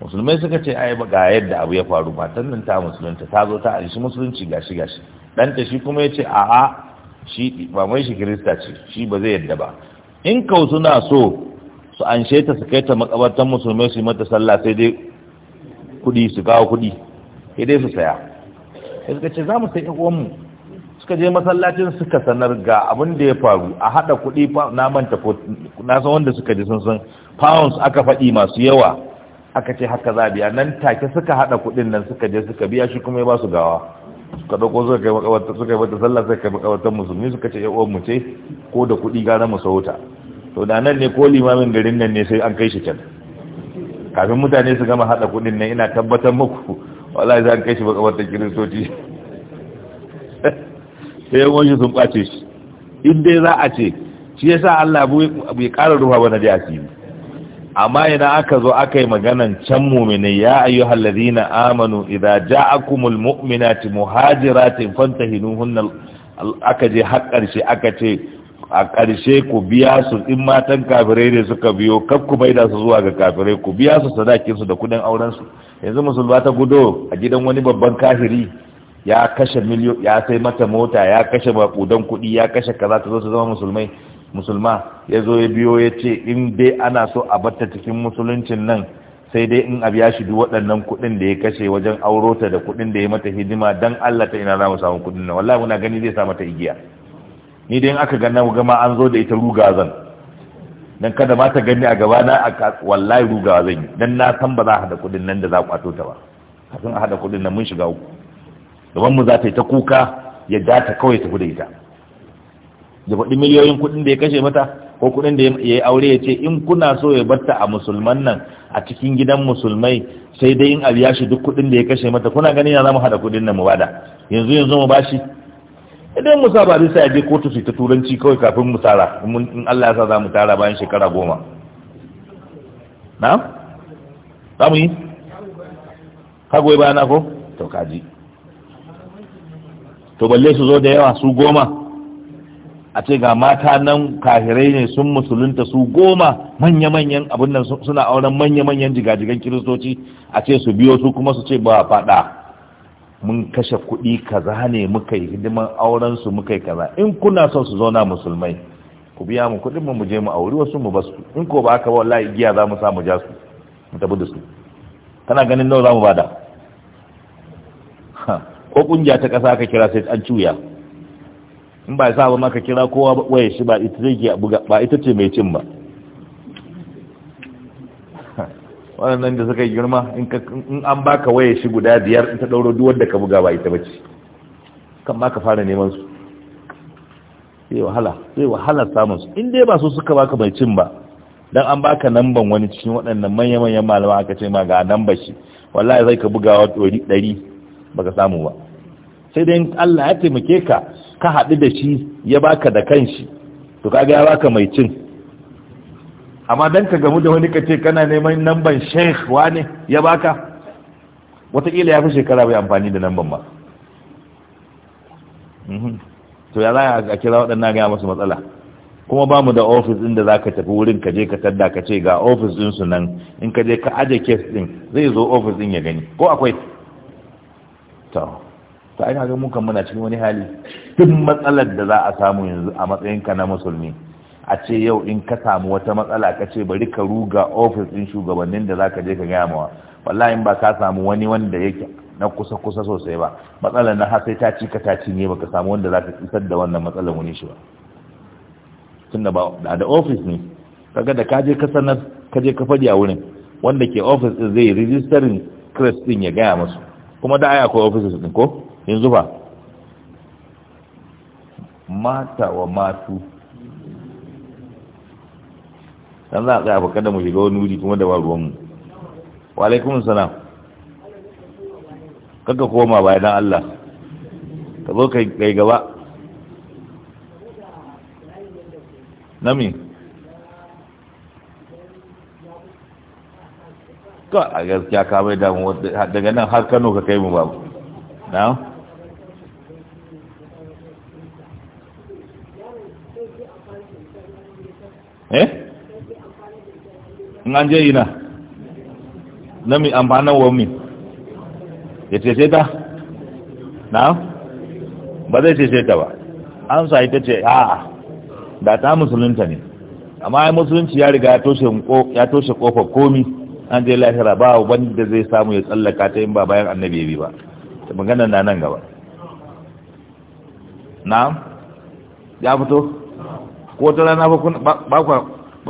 musulmai suka ce ai ga yadda abu ya faru matan nan ta musulunta ta zo ta alishi musulunci gashi gashi ɗanta shi kuma ya ce a'a shi mai shi kirista ce shi ba zai yadda ba in kau suna so su an ta su kai ta makabartan musulmai su yi mata sallah sai dai kuɗi su kawo kuɗi sai dai su saya sai suka ce za mu sai ƴan uwanmu suka je masallacin suka sanar ga abin da ya faru a hada kuɗi na manta na san wanda suka ji sun san pounds aka faɗi masu yawa aka ce haka za biya nan take suka hada kuɗin nan suka je suka biya shi kuma ya ba su gawa suka dauko suka kai makawata suka yi wata sallah suka kai makawatan musulmi suka ce yawan mu ce ko da kuɗi gara mu sauta to da nan ne ko limamin garin nan ne sai an kai shi can kafin mutane su gama hada kuɗin nan ina tabbatar muku wallahi za an kai shi makawatan kiristoci sai yan sun kwace shi in dai za a ce shi yasa Allah bai ƙara ruwa ba na da asiri amma idan aka zo aka yi maganan can mumini ya ayyuhal na amanu idza ja'akumul fanta muhajiratin fantahinuhunna aka je har ƙarshe aka ce a ƙarshe ku biya su in matan kafirai ne suka biyo kaf ku da su zuwa ga kafirai ku biya su sadakinsu da kudin aurensu yanzu musulma ta gudo a gidan wani babban kafiri ya kashe miliyo ya sai mata mota ya kashe bakudan kudi ya kashe kaza ta zo su zama musulmai musulma ya zo ya biyo ya ce in dai ana so a batta cikin musuluncin nan sai dai in abu ya shi waɗannan kuɗin da ya kashe wajen aurota da kuɗin da ya mata hidima dan Allah ta ina za mu samu kuɗin nan wallahi muna gani zai sa mata igiya ni dai in aka ganna mu gama an zo da ita rugazan dan kada ma ta gani a gaba na wallahi rugawa zan yi dan na san ba za a haɗa kuɗin nan da za ku ato ta ba kafin a haɗa kuɗin nan mun shiga uku gaban mu za ta yi ta kuka ya data kawai ta gudaita da faɗi miliyoyin kuɗin da ya kashe mata ko kuɗin da ya yi aure ya ce in kuna so ya batta a musulman nan a cikin gidan musulmai sai dai in abu ya shi duk kuɗin da ya kashe mata kuna gani na zama haɗa kuɗin nan mu bada yanzu yanzu mu bashi idan musa ba zai sai je kotu su ta turanci kawai kafin mu tsara in Allah ya sa za mu tara bayan shekara goma na? za mu yi? ka goyi bayana ko? to kaji to balle su zo da yawa su goma a ce ga mata nan kahirai ne sun musulunta su goma manya-manyan abin nan suna auren manya-manyan jigajigan kiristoci a ce su biyo su kuma su ce ba faɗa mun kashe kuɗi kaza ne muka yi hidiman auren su muka yi kaza in kuna son su zauna musulmai ku biya mu kuɗin mu je mu auri wasu mu basu in ko ba haka ba wallahi giya za mu sa mu ja su mu tafi da su kana ganin nawa za mu bada ko kungiya ta kasa aka kira sai an cuya in ba sa ba maka kira kowa waye shi ba ita zai buga ba ita ce mai cin ba wannan da suka yi girma in an baka waye shi guda biyar in ta ɗauro duwar da ka buga ba ita bace kan ma ka fara neman su sai wahala sai wahala samun su in dai ba su suka baka mai cin ba dan an baka namban wani cikin waɗannan manya-manyan malama aka ce ma ga namba shi wallahi zai ka buga wa ɗari baka samu ba sai dai Allah ya taimake ka ka haɗu da shi ya baka da kanshi to kaga ya baka mai cin amma dan ka gamu da wani kace kana neman namban sheikh wani ya baka wataƙila ya fi shekara bai amfani da namban ba mhm. to ya zaya a kira waɗannan gaya masu matsala kuma ba mu da ofis ɗin da za ka tafi wurin ka je ka tadda ka ce ga ofis ɗinsu nan in ka je ka aje kes ɗin zai zo ofis ɗin ya gani ko akwai to to ai ga mun kan muna cikin wani hali duk matsalar da za a samu yanzu a matsayin ka na musulmi a ce yau in ka samu wata matsala ka ce bari ka ruga ofis din shugabannin da zaka je ka gaya mawa wallahi in ba ka samu wani wanda yake na kusa kusa sosai ba matsalar na har sai ta ci ka ta ci ba baka samu wanda zaka isar da wannan matsalar wani shi ba tunda ba da ofis ne kaga da ka je ka sanar ka je ka faɗi a wurin wanda ke ofis din zai rijistarin kres din ya gaya masu kuma da aya akwai ofis din ko yanzu ba mata wa matu dan za a tsaya fa kada mu shiga wani wuri kuma da ba ruwanmu wa alaikum salam kaka koma bayan dan Allah ka zo kai gaba nami ka a gaskiya ka bai damu daga nan har Kano ka kai mu babu na'am in an je ina na mi amfanin mi ya cece ta na ba zai cece ta ba an sa ita ce a da ta musulunta ne amma ya musulunci ya riga ya toshe kofa komi an je lahira ba wanda zai samu ya tsallaka ta yin ba bayan annabi ya bi ba ta magana na nan gaba na ya fito ko ta rana ba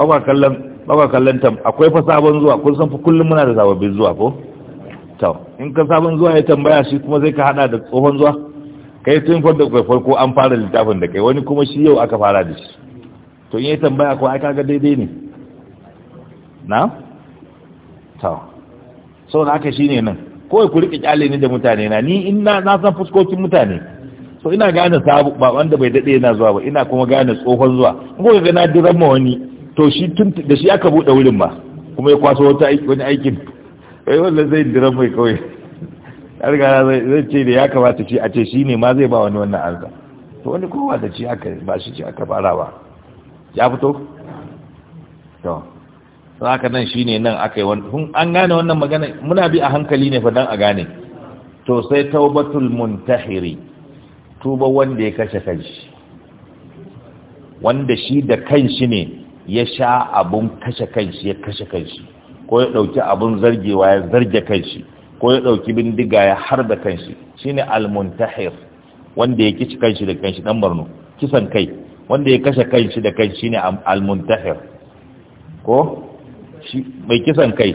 kwa kallon ba kallon tam akwai fa sabon zuwa kun san fa kullum muna da sababbin zuwa ko to in ka sabon zuwa ya tambaya shi kuma zai ka hada da tsohon zuwa kai tun farko kai farko an fara littafin da kai wani kuma shi yau aka fara da shi to in ya tambaya ko ai kaga daidai ne na to so na ka shine nan kawai ku riƙe kyale ni da mutane na ni in na na san fuskokin mutane so ina gane sabu ba wanda bai dade yana zuwa ba ina kuma gane tsohon zuwa in ko ga na diran ma wani to shi da shi aka buɗe wurin ba kuma ya kwaso wani aikin ai eh, wannan zai dira mai kawai har gara zai ce da ya kamata ce a ce shi ne ma zai ba wani wannan arka to wani kowa da ci aka ba shi ce aka fara ba ya fito to sai aka nan shine nan aka yi wani an gane wannan magana muna bi a hankali ne fa dan a gane to sai taubatul muntahiri tuba wanda ya kashe kanshi wanda shi da kanshi ne ya sha abun kashe kanshi ya kashe kanshi ko ya ɗauki abun zargewa ya zarge kanshi ko ya ɗauki bindiga ya harba kanshi shine almuntahir wanda ya kici kanshi da kanshi dan barno kisan kai wanda ya kashe kanshi da kanshi shine almuntahir ko shi mai kisan kai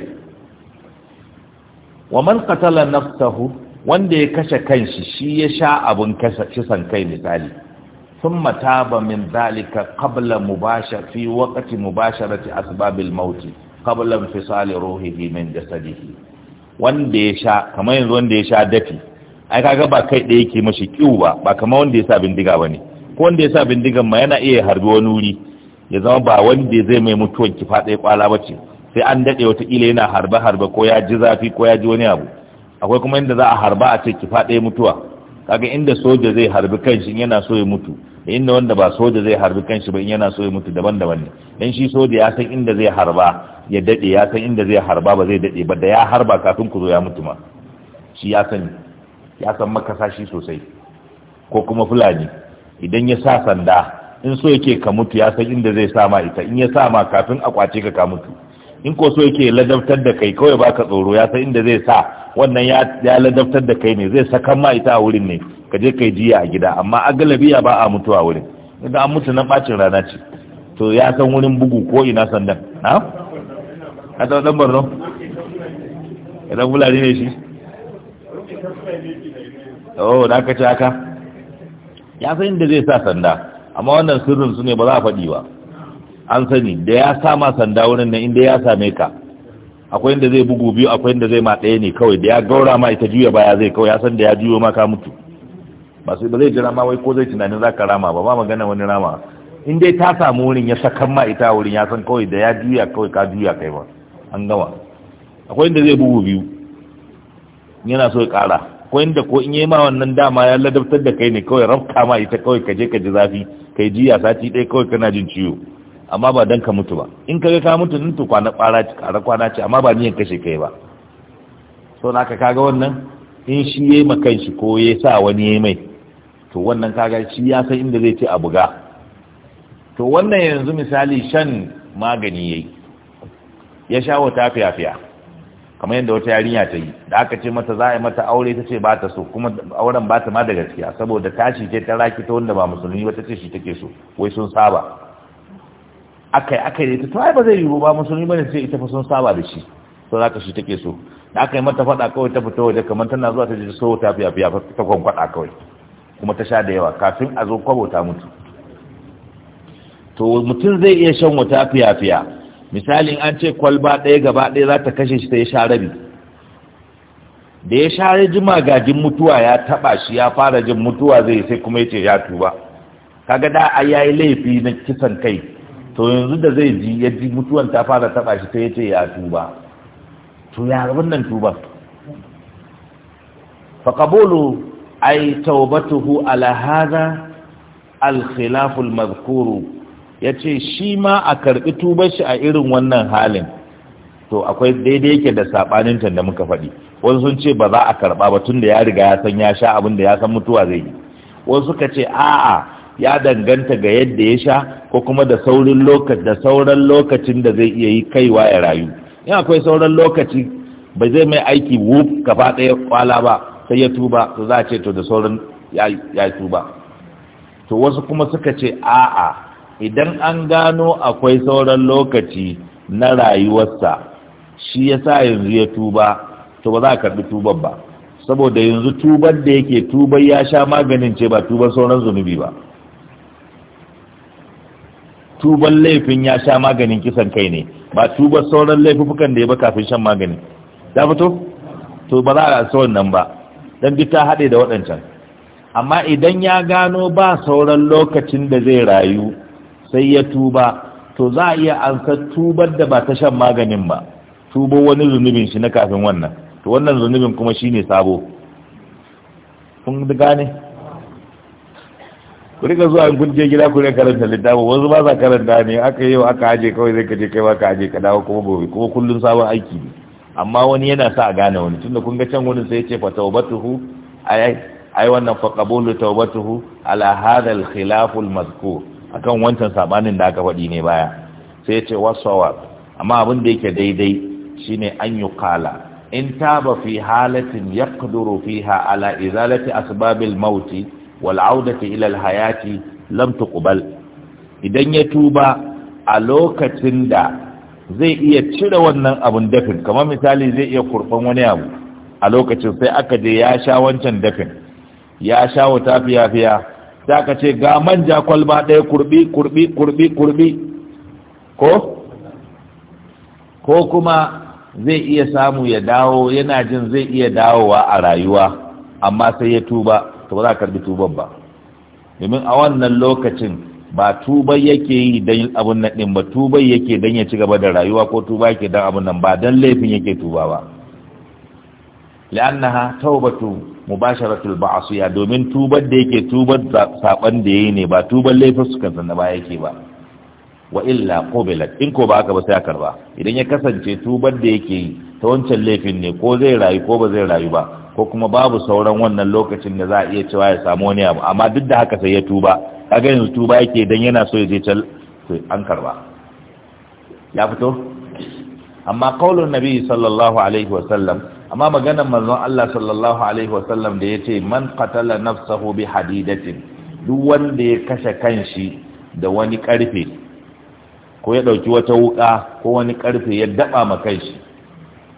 wa man qatala nafsahu wanda ya kashe kanshi shi ya sha abun kisan kai misali ثم تاب من ذلك قبل مباشر في وقت مباشرة أسباب الموت قبل انفصال روحه من جسده wanda ya sha kamar yanzu wanda ya sha dafi ai kaga ba kai da yake mashi kiwu ba ba kamar wanda ya sa bindiga bane ko wanda ya sa bindigan ma yana iya harbi wani wuri ya zama ba wanda zai mai mutuwan kifa faɗa kwala bace sai an dade wata kila yana harba harba ko ya ji zafi ko ya ji wani abu akwai kuma inda za a harba a ce kifa ɗaya mutuwa kaga inda soja zai harbi kanshi yana so ya mutu da inda wanda ba soja zai harbi kanshi ba in yana so ya mutu daban-daban ne dan shi soja ya san inda zai harba ya dade ya san inda zai harba ba zai dade ba da ya harba kafin ku zo ya mutu ma shi ya san ya san makasa shi sosai ko kuma fulani idan ya sa sanda in so yake ka mutu ya san inda zai sa ma ita in ya sa ma kafin a kwace ka ka mutu in ko so yake ladabtar da kai kawai baka tsoro ya san inda zai sa wannan ya ladabtar da kai ne zai sakan ma ita a wurin ne ka je kai jiya a gida amma agalabiya ba a mutuwa wurin idan an mutu na bacin rana ce to ya san wurin bugu ko ina sandan na? a ta wadan barno? idan fulani ne shi? oh da aka ci haka ya san inda zai sa sanda amma wannan sirrin su ne ba za a faɗi ba an sani da ya sama sanda wurin nan inda ya same ka akwai inda zai bugu biyu akwai inda zai ma ɗaya ne kawai da ya gaura ma ita juya baya zai kawai ya san da ya juyo ma ka mutu ba sai ba zai jira ma wai ko zai tunanin za ka rama ba ba magana wani rama in dai ta samu wurin ya sakan ma ita wurin ya san kawai da ya juya kawai ka juya kai ba an gama akwai inda zai bugu biyu yana so ya ƙara akwai inda ko in yi ma wannan dama ya ladabtar da kai ne kawai rafka ma ita kawai ka je ka ji zafi kai jiya sati ɗaya kawai kana jin ciwo amma ba dan ka mutu ba in ka ga ka mutu din to kwana kwara kare kwana ce amma ba niyan kashe kai ba so ka kaga wannan in shi yayi makan shi ko ya sa wani yayi mai to wannan kaga shi ya san inda zai ci a buga to wannan yanzu misali shan magani yayi ya sha wata fiya-fiya kamar yadda wata yarinya ta yi da aka ce mata za a yi mata aure ta ce ba ta so kuma auren ba ta ma da gaskiya saboda tashi ce ta raki ta wanda ba musulmi ba ta ce shi take so wai sun saba akai akai da ita to ai ba zai yiwu ba musulmi bane sai ita fa sun saba da shi to zaka shi take so da aka yi mata faɗa kawai ta fito waje kamar tana zuwa ta ji so ta fiya fiya ta kwankwada kawai kuma ta sha da yawa kafin a zo kwabo ta mutu to mutum zai iya shan wata fiya fiya misalin an ce kwalba ɗaya gaba ɗaya za ta kashe shi ta yi sha rabi da ya share jima gajin mutuwa ya taba shi ya fara jin mutuwa zai sai kuma ya ce ya tuba kaga da a yayi laifi na kisan kai to yanzu da zai ji ya ji mutuwan ta fara taba shi sai ya ce ya tuba to ya wannan tuba fa qabulu ay tawbatuhu ala hadha al khilaf al madhkur yace shi ma a karɓi tuba shi a irin wannan halin to akwai daidai yake da sabanin da muka faɗi wasu sun ce ba za a karɓa ba tunda ya riga ya san ya sha abin da ya san mutuwa zai yi wasu suka ce a'a ya danganta ga yadda ya sha ko kuma da saurin lokaci da sauran lokacin da zai iya yi kaiwa ya rayu in akwai sauran lokaci ba zai mai aiki wuf gaba ɗaya kwala ba sai ya tuba to za a ce to da sauran ya tuba to wasu kuma suka ce a'a idan an gano akwai sauran lokaci na rayuwarsa shi ya sa yanzu ya tuba to ba za a karɓi tuban ba saboda yanzu tubar da yake tubar ya sha maganin ce ba tubar sauran zunubi ba tuban laifin ya sha maganin kisan kai ne ba tubar sauran laifukan da ya ba kafin shan magani. ya fito to ba za a rasu wannan ba don bi ta haɗe da waɗancan amma idan ya gano ba sauran lokacin da zai rayu sai ya tuba to za a iya ansa tubar da ba ta shan maganin ba tubo wani zunubin shi na kafin wannan to wannan zunubin kuma shine sabo kun gane ku rika zuwa in kun je gida ku rika karanta littafin wasu ba za karanta ne aka yi aka aje kawai zai kaje kai ka aje ka dawo kuma gobe kuma kullun sabon aiki ne amma wani yana sa a gane wani tunda kun ga can wani sai ya ce fa tawbatuhu ai ai wannan fa qabulu tawbatuhu ala hadha al khilaf al mazkur akan wancan sabanin da aka faɗi ne baya sai ya ce wasawab amma abin da yake daidai shine an yi kala in taba fi halatin yaqduru fiha ala izalati asbabil mauti wal audati ila al hayati lam tuqbal idan ya tuba a lokacin da zai iya cire wannan abun dafin kamar misali zai iya kurban wani abu a lokacin sai aka je ya sha wancan dafin ya sha wata fiya-fiya sai aka ce ga manja kwalba ɗaya kurbi kurbi kurbi kurbi ko ko kuma zai iya samu ya dawo yana jin zai iya dawowa a rayuwa amma sai ya tuba to ba za a karbi tuban ba domin a wannan lokacin ba tuba yake yi don abun nan ɗin ba tubai yake don ya ci gaba da rayuwa ko tuba yake don abun nan ba don laifin yake tuba ba la'annaha taubatu mubasharatul ba'siya domin tubar da yake tubar saban da yayi ne ba tubar laifin su kan sanna ba yake ba wa illa qubilat in ko ba aka ba sai karba idan ya kasance tubar da yake yi ta wancan laifin ne ko zai rayu ko ba zai rayu ba ko kuma babu sauran wannan lokacin da za a iya cewa ya samu wani abu amma duk da haka sai ya tuba kaga yanzu tuba yake dan yana so ya je can an karba ya fito amma qaulun nabi sallallahu alaihi wasallam amma maganar manzon Allah sallallahu alaihi wasallam da yace man qatala nafsahu bi hadidatin duk wanda ya kashe kanshi da wani karfe ko ya dauki wata wuka ko wani karfe ya daba ma kanshi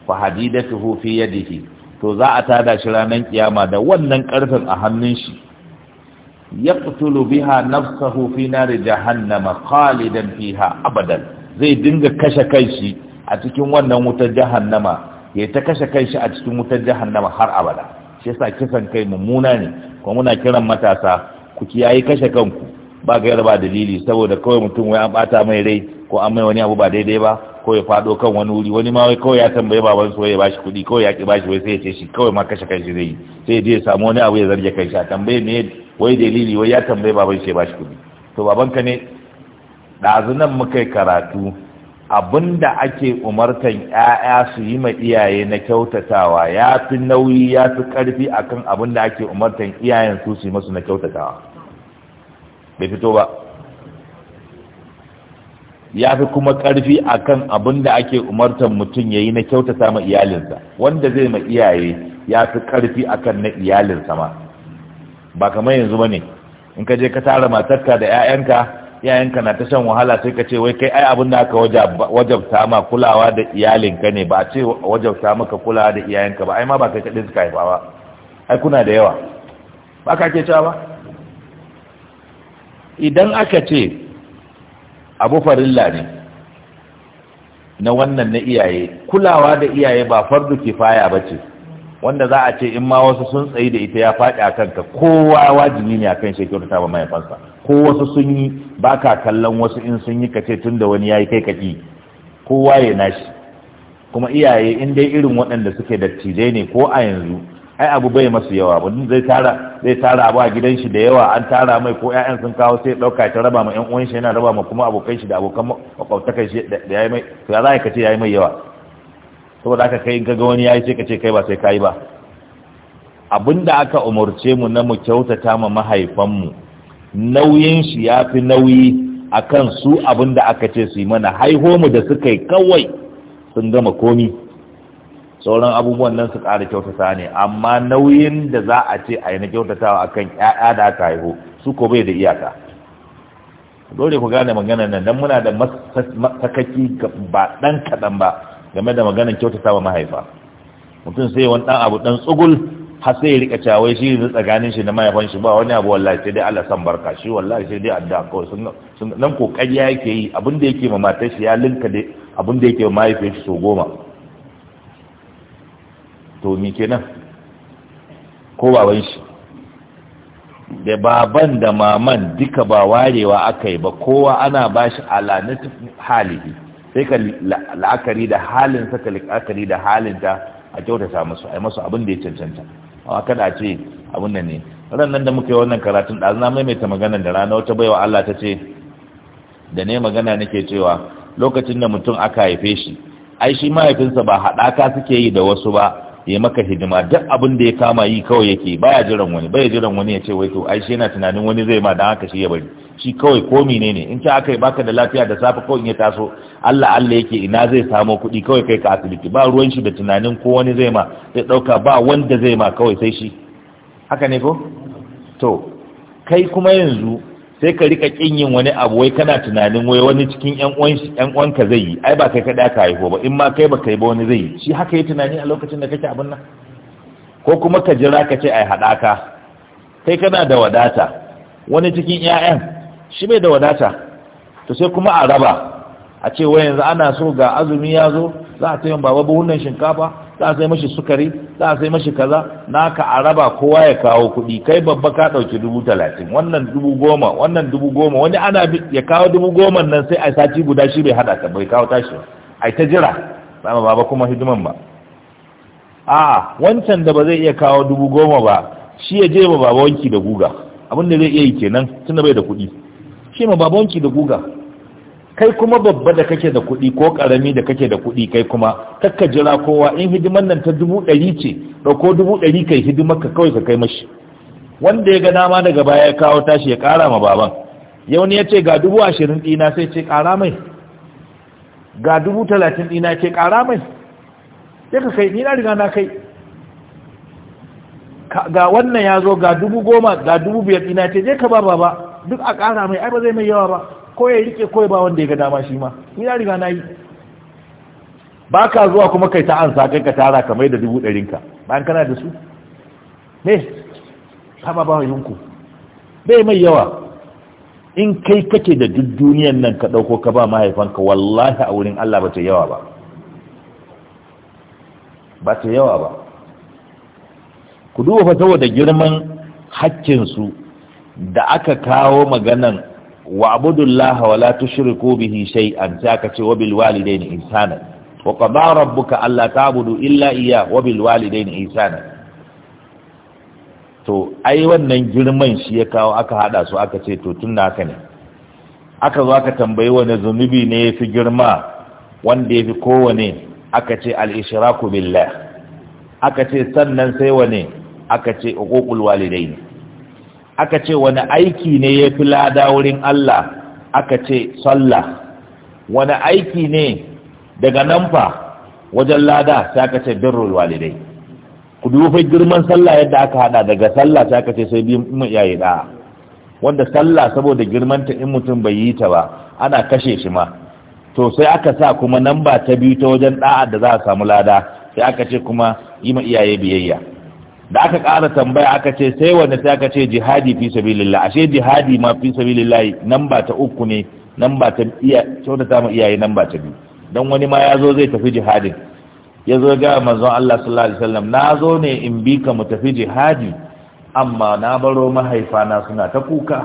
fa hadidatuhu fi yadihi to za a tada shi ranar kiyama da wannan karfin a hannun shi Ya fitulu biha nafsahu fi da jahannama khalidan fiha abadan zai dinga kashe kanshi a cikin wannan wutar jahannama ya ta kashe kanshi a cikin wutar jahannama har abada shi yasa kisan kai mummuna ne kuma muna kiran matasa ku kiyaye kashe kanku ba gaira ba dalili saboda kawai mutum wai an bata mai rai ko an mai wani abu ba daidai ba ko ya fado kan wani wuri wani ma wai kawai ya tambaye baban su ya bashi kuɗi kawai ya ki bashi wai sai ya ce shi kawai ma kashe kanshi zai yi sai je ya samu wani abu ya zarge kanshi a tambaye me wai dalili wai ya tambaye baban shi ya bashi kuɗi to baban ka ne ɗazu nan muka yi karatu abinda ake umartan ‘ya'ya su yi ma iyaye na kyautatawa ya fi nauyi ya fi ƙarfi akan da ake umartan iyayen su su yi masu na kyautatawa bai fito ba ya fi kuma ƙarfi a kan abin da ake umartar mutum ya yi na kyautata ma iyalinsa wanda zai ma iyaye ya fi ƙarfi akan na iyalinsa ma ba kamar yanzu ba ne in ka je ka tara matarka da 'ya'yanka 'ya'yanka na ta shan wahala sai ka ce wai kai ai abin da aka wajabta ma kulawa da iyalinka ne ba a ce wajabta maka kulawa da iyayenka ba ai ma ba kai kaɗin suka haifa ba ai kuna da yawa ba ka ke cewa ba idan aka ce abu farilla ne na wannan na iyaye kulawa da iyaye ba fardu kifaya ba ce wanda za a ce in ma wasu sun tsayi da ita ya faɗi a kanka kowa wajibi ne a kan shi kyautata ba mahaifansa ko wasu sun yi ba ka kallon wasu in sun yi kace tun da wani ya yi kai kaƙi kowa ya nashi kuma iyaye in dai irin waɗanda suke dattijai ne ko a yanzu ai abu bai masu yawa ba zai tara zai tara abu a gidan shi da yawa an tara mai ko ƴaƴan sun kawo sai dauka ta raba ma ƴan uwan shi yana raba ma kuma abokan shi da abokan makwabtakan shi da yayi mai to ya za ka yayi mai yawa saboda haka kai in ka ga wani yayi sai ka ce kai ba sai kai ba abinda aka umurce mu na mu kyautata ma mu nauyin shi ya fi nauyi akan su abinda aka ce su yi mana haihuwa mu da suka yi kawai sun gama komi sauran abubuwan nan su ƙara kyautata ne amma nauyin da za a ce a yi na kyautatawa a kan ƴaƴa da aka haihu su ko bai da iyaka dole ku gane maganar nan don muna da sakaki ba ɗan kaɗan ba game da maganar kyautatawa mahaifa mutum sai wani ɗan abu ɗan tsugul har sai ya rika cawai shi da tsakanin shi na mahaifan shi ba wani abu wallahi sai dai Allah san barka shi wallahi sai dai addu'a kawai sun nan kokari yake yi abin da yake ma matar shi ya linka dai abin da yake ma mahaifiyar shi so goma to ni kenan ko baban shi da baban da maman duka ba warewa aka yi ba kowa ana ba shi alanatu halihi sai ka la'akari da halin saka la'akari da halinta a kyautata musu a yi musu abin da ya cancanta a kada ce abin nan ne ranar da muka yi wannan karatun ɗazu na maimaita magana da rana wata baiwa Allah ta ce da ne magana nake cewa lokacin da mutum aka haife shi ai shi mahaifinsa ba haɗaka suke yi da wasu ba ya maka hidima duk abin da ya kama yi kawai yake baya jiran wani baya jiran wani ya ce wai to ai shi yana tunanin wani zai ma dan haka shi ya bari shi kawai ko ne in ta aka yi baka da lafiya da safe kawai in ya taso Allah Allah yake ina zai samo kuɗi kawai kai ka asibiti ba ruwan shi da tunanin ko wani zai ma zai dauka ba wanda zai ma kawai sai shi haka ne ko to kai kuma yanzu sai ka rika kin yin wani abu wai kana tunanin wai wani cikin yan uwan yan uwanka zai yi ai ba kai ka da ka haifo ba in ma kai ba kai ba wani zai yi shi haka yi tunani a lokacin da kake abin nan ko kuma ka jira ka ce ai hadaka kai kana da wadata wani cikin ƴaƴan shi bai da wadata to sai kuma a raba a ce wai yanzu ana so ga azumi ya zo za a tayin baba buhun nan shinkafa za a sai mashi sukari za a sai mashi kaza Na a raba kowa ya kawo kuɗi kai babba ka ɗauki dubu talatin wannan dubu goma wannan dubu goma wani ana ya kawo dubu goma nan sai a sati guda shi bai haɗa ka bai kawo tashi a ta jira sama ba ba kuma hidiman ba a wancan da ba zai iya kawo dubu goma ba shi ya je ma babawanki da guga abin da zai iya yi kenan tunda bai da kuɗi shi ma babawanki da guga kai kuma babba da kake da kuɗi ko ƙarami da kake da kuɗi kai kuma kakka jira kowa in hidimar nan ta dubu ɗari ce ɗauko dubu ɗari kai hidimar ka kawai ka kai mashi wanda ya ga dama daga baya ya kawo tashi ya ƙara ma baban yau ne ya ce ga dubu ashirin ɗina sai ce ƙara mai ga dubu talatin ɗina ce ƙara mai sai ka kai ni riga na kai ga wannan ya zo ga dubu goma ga dubu biyar ɗina ce je ka ba baba duk a ƙara mai ai ba zai mai yawa ba ko ya rike ko ba wanda ya ga dama shi ma ni na riga na yi ba ka zuwa kuma kai ta ansa kai ka tara ka mai da dubu ɗarin ka bayan kana da su ne ta ba yunku bai mai yawa in kai kake da duk duniyan nan ka ɗauko ka ba mahaifanka wallahi a wurin Allah ba ta yawa ba ba ta yawa ba ku duba fa saboda girman haƙƙinsu da aka kawo maganan wa abudullah wa la tushriku bihi shay'an sai aka ce wa bil walidayni ihsana wa qada rabbuka alla ta'budu illa iya wa bil walidayni ihsana to ai wannan girman shi ya kawo aka hada su aka ce to tun haka ne aka zo aka tambayi wani zunubi ne ya fi girma wanda ya fi kowane aka ce al-ishraku billah aka ce sannan sai wane aka ce uququl walidayni aka ce wani aiki ne ya fi lada wurin Allah aka ce sallah wani aiki ne daga nan fa wajen lada sai aka ce birrul walidai ku dubi girman sallah yadda aka hada daga sallah sai aka ce sai bi mu iyaye da wanda sallah saboda girmanta in mutum bai yi ta ba ana kashe shi ma to sai aka sa kuma namba ta biyu ta wajen da'a da za a samu lada sai aka ce kuma yi ma iyaye biyayya da aka ƙara tambaya aka ce sai wanda sai aka ce jihadi fi sabilillah ashe jihadi ma fi sabilillah nan ba ta uku ne nan ba ta iya kyautata mu iyaye nan ba ta biyu dan wani ma ya zo zai tafi jihadin ya zo ga manzon Allah sallallahu alaihi wasallam na zo ne in bi ka mu tafi jihadi amma na baro mahaifa na suna ta kuka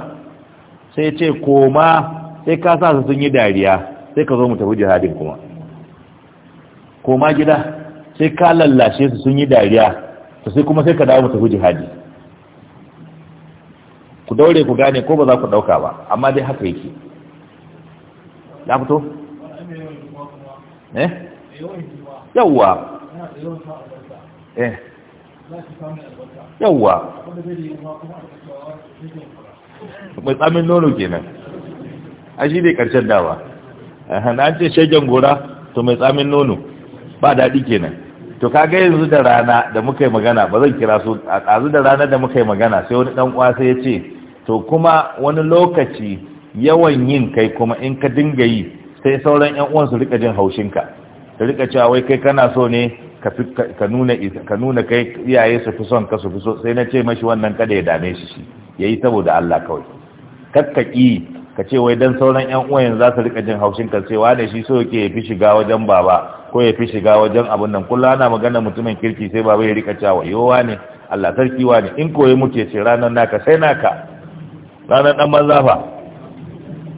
sai ce koma sai ka sa su sun yi dariya sai ka zo mu tafi jihadin kuma koma gida sai ka lallashe su sun yi dariya to sai kuma sai ka dawo ta tafi jihadi ku daure ku gane ko ba za ku dauka ba amma dai haka yake ya fito eh yawwa eh yawwa mai tsamin nono kenan a shi ne karshen dawa na ce shagen gora to mai tsamin nono ba daɗi kenan to ka ga yanzu da rana da muka yi magana ba zan kira su a ɗazu da rana da muka yi magana sai wani ɗan ƙwasa ya ce to kuma wani lokaci yawan yin kai kuma in ka dinga yi sai sauran ƴan uwan su rika jin haushinka ta rika cewa wai kai kana so ne ka nuna ka nuna kai iyaye su fi son ka su fi so sai na ce mashi wannan kada ya dame shi shi yayi saboda Allah kawai kakkaki ka ce wai dan sauran ƴan uwan za su rika jin haushinka cewa da shi so yake fi shiga wajen baba ko ya fi shiga wajen abin nan kullum ana magana mutumin kirki sai ba ya rika cewa yowa ne Allah sarki wa ne in koyi muke ce ranar naka sai naka ranar dan banza fa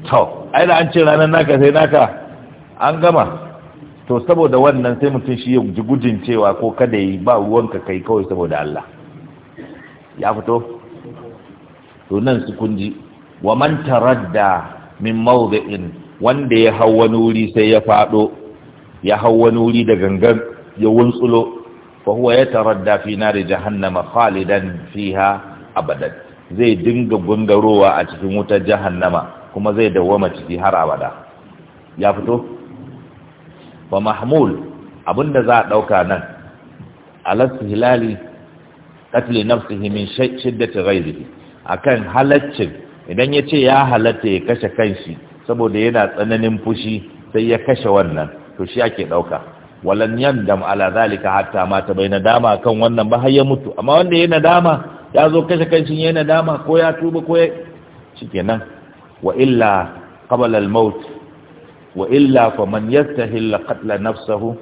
to ai da an ce ranar naka sai naka an gama to saboda wannan sai mutum shi ya ji gujin cewa ko kada yi ba ruwanka kai kawai saboda Allah ya fito to nan su kunji wa man taradda min mawdi'in wanda ya hau wani wuri sai ya fado ya hau wani wuri da gangan ya wuntsulo fa huwa taradda fi nari jahannama khalidan fiha abadan zai dinga gungarowa a cikin wutar jahannama kuma zai dawwama ciki har abada ya fito wa mahmul abinda za a dauka nan alas hilali katli nafsihi min shiddati ghaizihi akan halaccin idan ya ce ya halatta ya kashe kanshi saboda yana tsananin fushi sai ya kashe wannan to shi ake ɗauka walan yandam ala zalika hatta mata bai nadama kan wannan ba har ya mutu amma wanda ya nadama ya zo kashe kanshi ya nadama ko ya tuba ko ya shikenan wa illa qabla al maut wa illa faman yastahil qatla nafsihi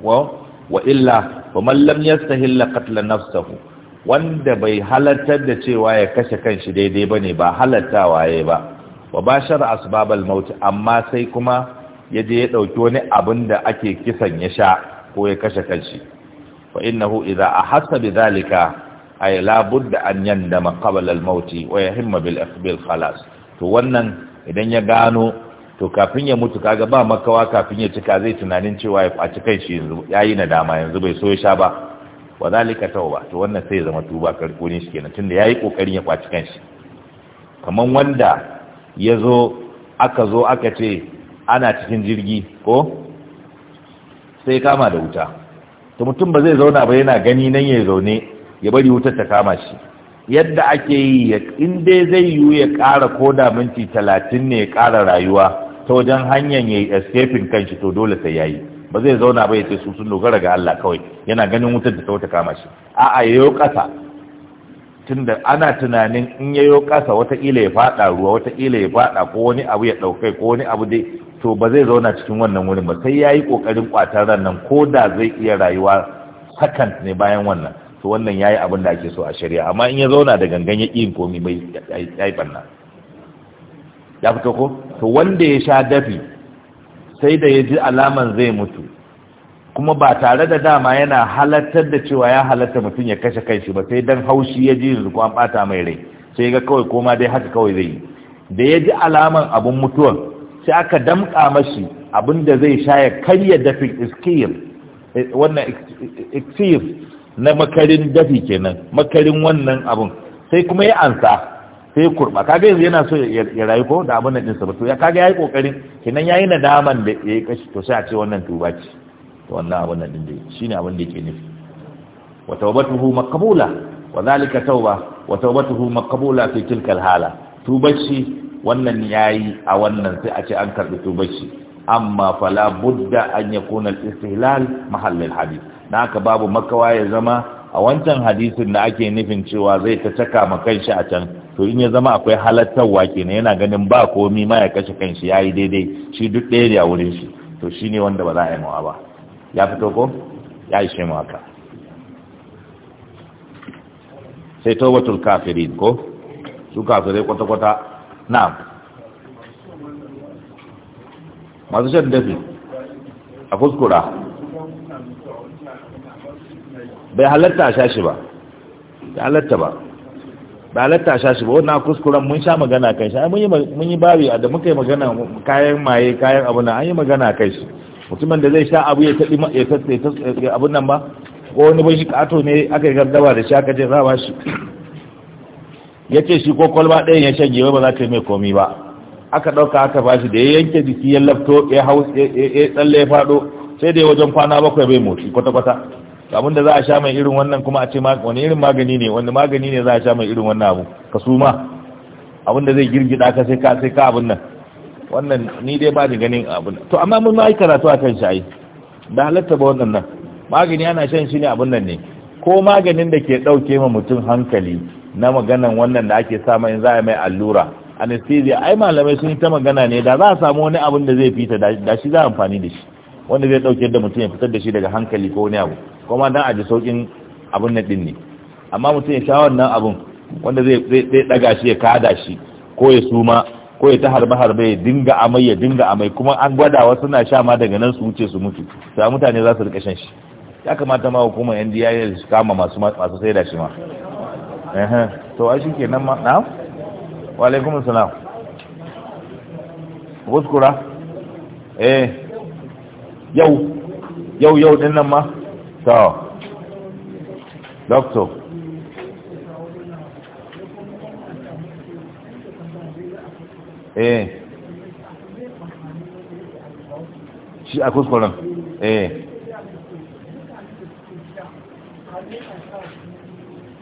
wa illa faman lam yastahil qatla nafsihi wanda bai halartar da cewa ya kashe kanshi daidai bane ba halartawa yayi ba wa bashar asbabal maut amma sai kuma ya je ya ɗauki wani abin da ake kisan ya sha ko ya kashe kanshi fa innahu idza ahassa bi zalika ay la budda an yandama qabla al maut wa yahimma bil akhbil khalas to wannan idan ya gano to kafin ya mutu kaga ba makawa kafin ya cika zai tunanin cewa ya faci kai shi yanzu yayi dama yanzu bai so ya sha ba wa zalika tauba to wannan sai ya zama tuba karkoni shi kenan tunda yayi kokarin ya faci kanshi kaman wanda ya aka zo aka ce ana cikin jirgi ko sai kama da wuta to mutum ba zai zauna ba yana gani nan ya zaune ya bari wutar ta kama shi yadda ake yi in dai zai yiwu ya ƙara ko da minti talatin ne ya ƙara rayuwa ta wajen hanyar ya yi escaping shi to dole sai ya yi ba zai zauna ba ya ce su sun dogara ga Allah kawai yana ganin wutar da ta wata kama shi a'a yau ƙasa tunda ana tunanin in yayo kasa wataƙila ya faɗa ruwa wataƙila ya faɗa ko wani abu ya ɗaukai ko wani abu dai to ba zai zauna cikin wannan wurin ba sai ya yi ƙoƙarin ƙwatar nan ko da zai iya rayuwa sakan ne bayan wannan to wannan ya yi abin da ake so a shari'a amma in ya zauna da gangan ya ƙin komi bai ya yi ɓanna ya fito ko to wanda ya sha dafi sai da ya ji alaman zai mutu kuma ba tare da dama yana halartar da cewa ya halarta mutum ya kashe kai kanshi ba sai dan haushi ya ji ko an bata mai rai sai ga kawai koma dai haka kawai zai yi da ya ji alaman abun mutuwan sai aka damƙa mashi abin da zai sha ya karya dafin iskiyar wannan iksir na makarin dafi kenan makarin wannan abun sai kuma ya ansa sai kurba kaga yanzu yana so ya rayu ko da abin nan ɗinsa ba to ya kaga ya yi ƙoƙarin kenan ya yi nadaman da ya yi kashi to sai a ce wannan tuba ce to wannan abin nan din shine abin da yake nufi wa tawbatuhu maqbula wa zalika tawba wa tawbatuhu maqbula fi tilka alhala tubashi wannan yayi a wannan sai a ce an karbi tubashi amma fala budda an yakuna istihlal mahall al-hadith dan haka babu makawa ya zama a wancan hadisin da ake nufin cewa zai ta caka ma kanshi a can to in ya zama akwai halattarwa kenan yana ganin ba komi ma ya kashe kanshi yayi daidai shi duk ɗaya da wurin shi to shine wanda ba za a yi mawa ba ya fito ko ya ishe mu haka sai tawbatul kafirin ko su kafirai kwata-kwata na masu shan dafi a kuskura bai halatta a shashi ba bai halatta ba bai halatta a shashi ba wannan kuskuren mun sha magana kai shi mun yi babi da muka yi magana kayan maye kayan abu na an yi magana kai shi mutumin da zai sha abu ya taɗi ya abun nan ba ko wani bai shi kato ne aka yi gardaba da shi aka je za ba shi ya ce shi ko kwalba ɗaya ya shanye wai ba za ta yi mai komi ba aka ɗauka aka ba shi da ya yanke jiki ya lafto ya hau ya tsalle ya faɗo sai dai wajen kwana bakwai bai motsi kwata-kwata abin da za a sha mai irin wannan kuma a ce wani irin magani ne wani magani ne za a sha mai irin wannan abu ka su ma abin da zai girgida ka sai ka sai ka abin nan wannan ni dai ba ni ganin abin to amma mun ma yi karatu a kan shayi da halatta ba wannan nan magani ana shan shi ne abin nan ne ko maganin da ke ɗauke ma mutum hankali na maganan wannan da ake sa in za a mai allura anesthesia ai malamai sun yi ta magana ne da za a samu wani abin da zai fita da shi za a amfani da shi wanda zai ɗauke da mutum ya fitar da shi daga hankali ko wani abu kuma dan a ji saukin abin nan din ne amma mutum ya sha wannan abun wanda zai ɗaga shi ya kada shi ko ya suma ko ya ta harbe harbe ya dinga amai ya dinga amai kuma an gwadawa suna sha ma daga nan su wuce su mutu sai mutane za su rika shan shi ya kamata ma hukumar yan diya su kama masu masu sai da shi ma to a shi kenan ma na wa alaikum assalam wuskura eh yau yau yau din nan ma to doctor eh shi a kuskuren eh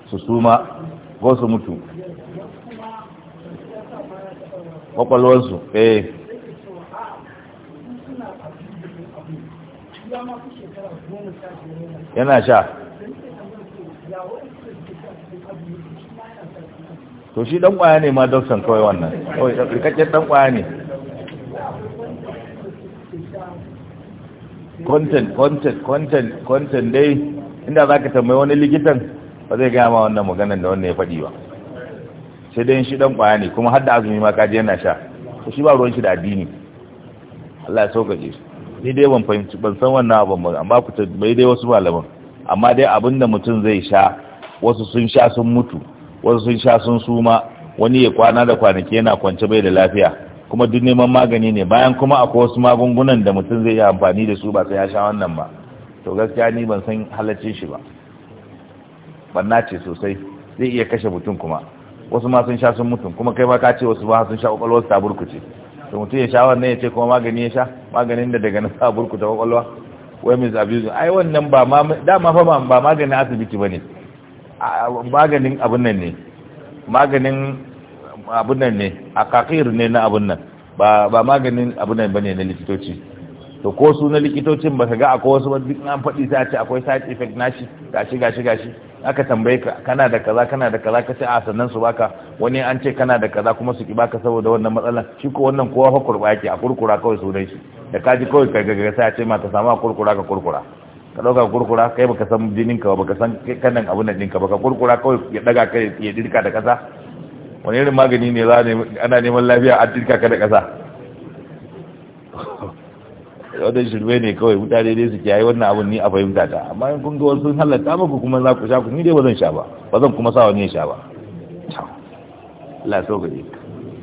su suma ko su mutu kwakwalwarsu eh yana sha to shi dan kwaya ne ma dausan kawai wannan kawai rikakken dan kwaya ne content content content content dai inda za ka tambayi wani likitan ba zai gaya ma wannan maganan da wannan ya faɗi ba sai dai shi dan kwaya ne kuma har da azumi ma kaji yana sha to shi ba ruwan shi da addini Allah ya sauƙaƙe shi ni dai ban fahimci ban san wannan abin ba amma ku bai dai wasu malaman amma dai abinda mutum zai sha wasu sun sha sun mutu wasu sun sha sun suma wani ya kwana da kwanaki yana kwance bai da lafiya kuma duk neman magani ne bayan kuma akwai wasu magungunan da mutum zai yi amfani da su ba sai ya sha wannan ba to gaskiya ni ban san halacce shi ba banna ce sosai zai iya kashe mutum kuma wasu ma sun sha sun mutum kuma kai ma ka ce wasu ba sun sha kwakwalwar ta burkuce to mutum ya sha wannan ya ce kuma magani ya sha maganin da daga nan sa burkuta kwakwalwa wai mis abuse ai wannan ba ma dama fa ba maganin asibiti bane maganin abin nan ne maganin abin nan ne a kakir ne na abin nan ba maganin abin nan bane na likitoci to ko su na likitocin ba ka ga akwai wasu duk an faɗi sai a ce akwai side effect nashi gashi gashi gashi aka tambaye ka kana da kaza kana da kaza ka ce a ah, sannan su baka wani an ce kana da kaza kuma su ki baka saboda wannan matsalan shi ko wannan kowa fa kurba yake a kurkura kawai sunan shi da kaji kawai ka ga sai a ce ma ta samu a kurkura ka kurkura ka dauka kurkura kai baka san jinin ka baka san kanan abun nan ɗinka baka kurkura kawai ya daga kai ya dirka da kasa wani irin magani ne za ana neman lafiya a dirka ka da kasa wadda shirme ne kawai mutane dai suke yayi wannan abun ni a fahimta ta amma in kun ga wasu sun halatta muku kuma za ku sha ku ni dai ba zan sha ba ba zan kuma sa wani ya sha ba Allah sauka ji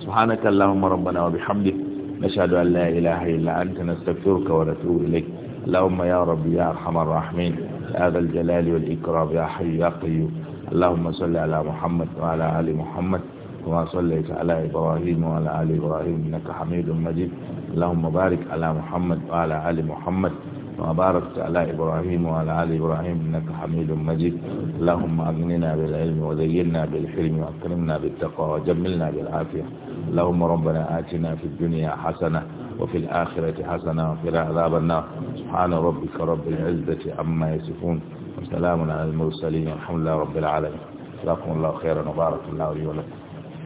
subhanakallahumma rabbana wa bihamdika nashhadu an la ilaha illa anta nastaghfiruka wa natubu ilayk اللهم يا رب يا أرحم الراحمين يا ذا الجلال والإكرام يا حي يا قيوم اللهم صل على محمد وعلى آل محمد كما صليت على إبراهيم وعلى آل إبراهيم إنك حميد مجيد اللهم بارك على محمد وعلى آل محمد وبارك على إبراهيم وعلى آل إبراهيم إنك حميد مجيد اللهم أغننا بالعلم وزينا بالحلم وأكرمنا بالتقوى وجملنا بالعافية اللهم ربنا آتنا في الدنيا حسنة وفي الآخرة حسنة وفي عذاب النار سبحان ربك رب العزة عما يصفون وسلام على المرسلين والحمد لله رب العالمين جزاكم الله خيرا وبارك الله لي ولكم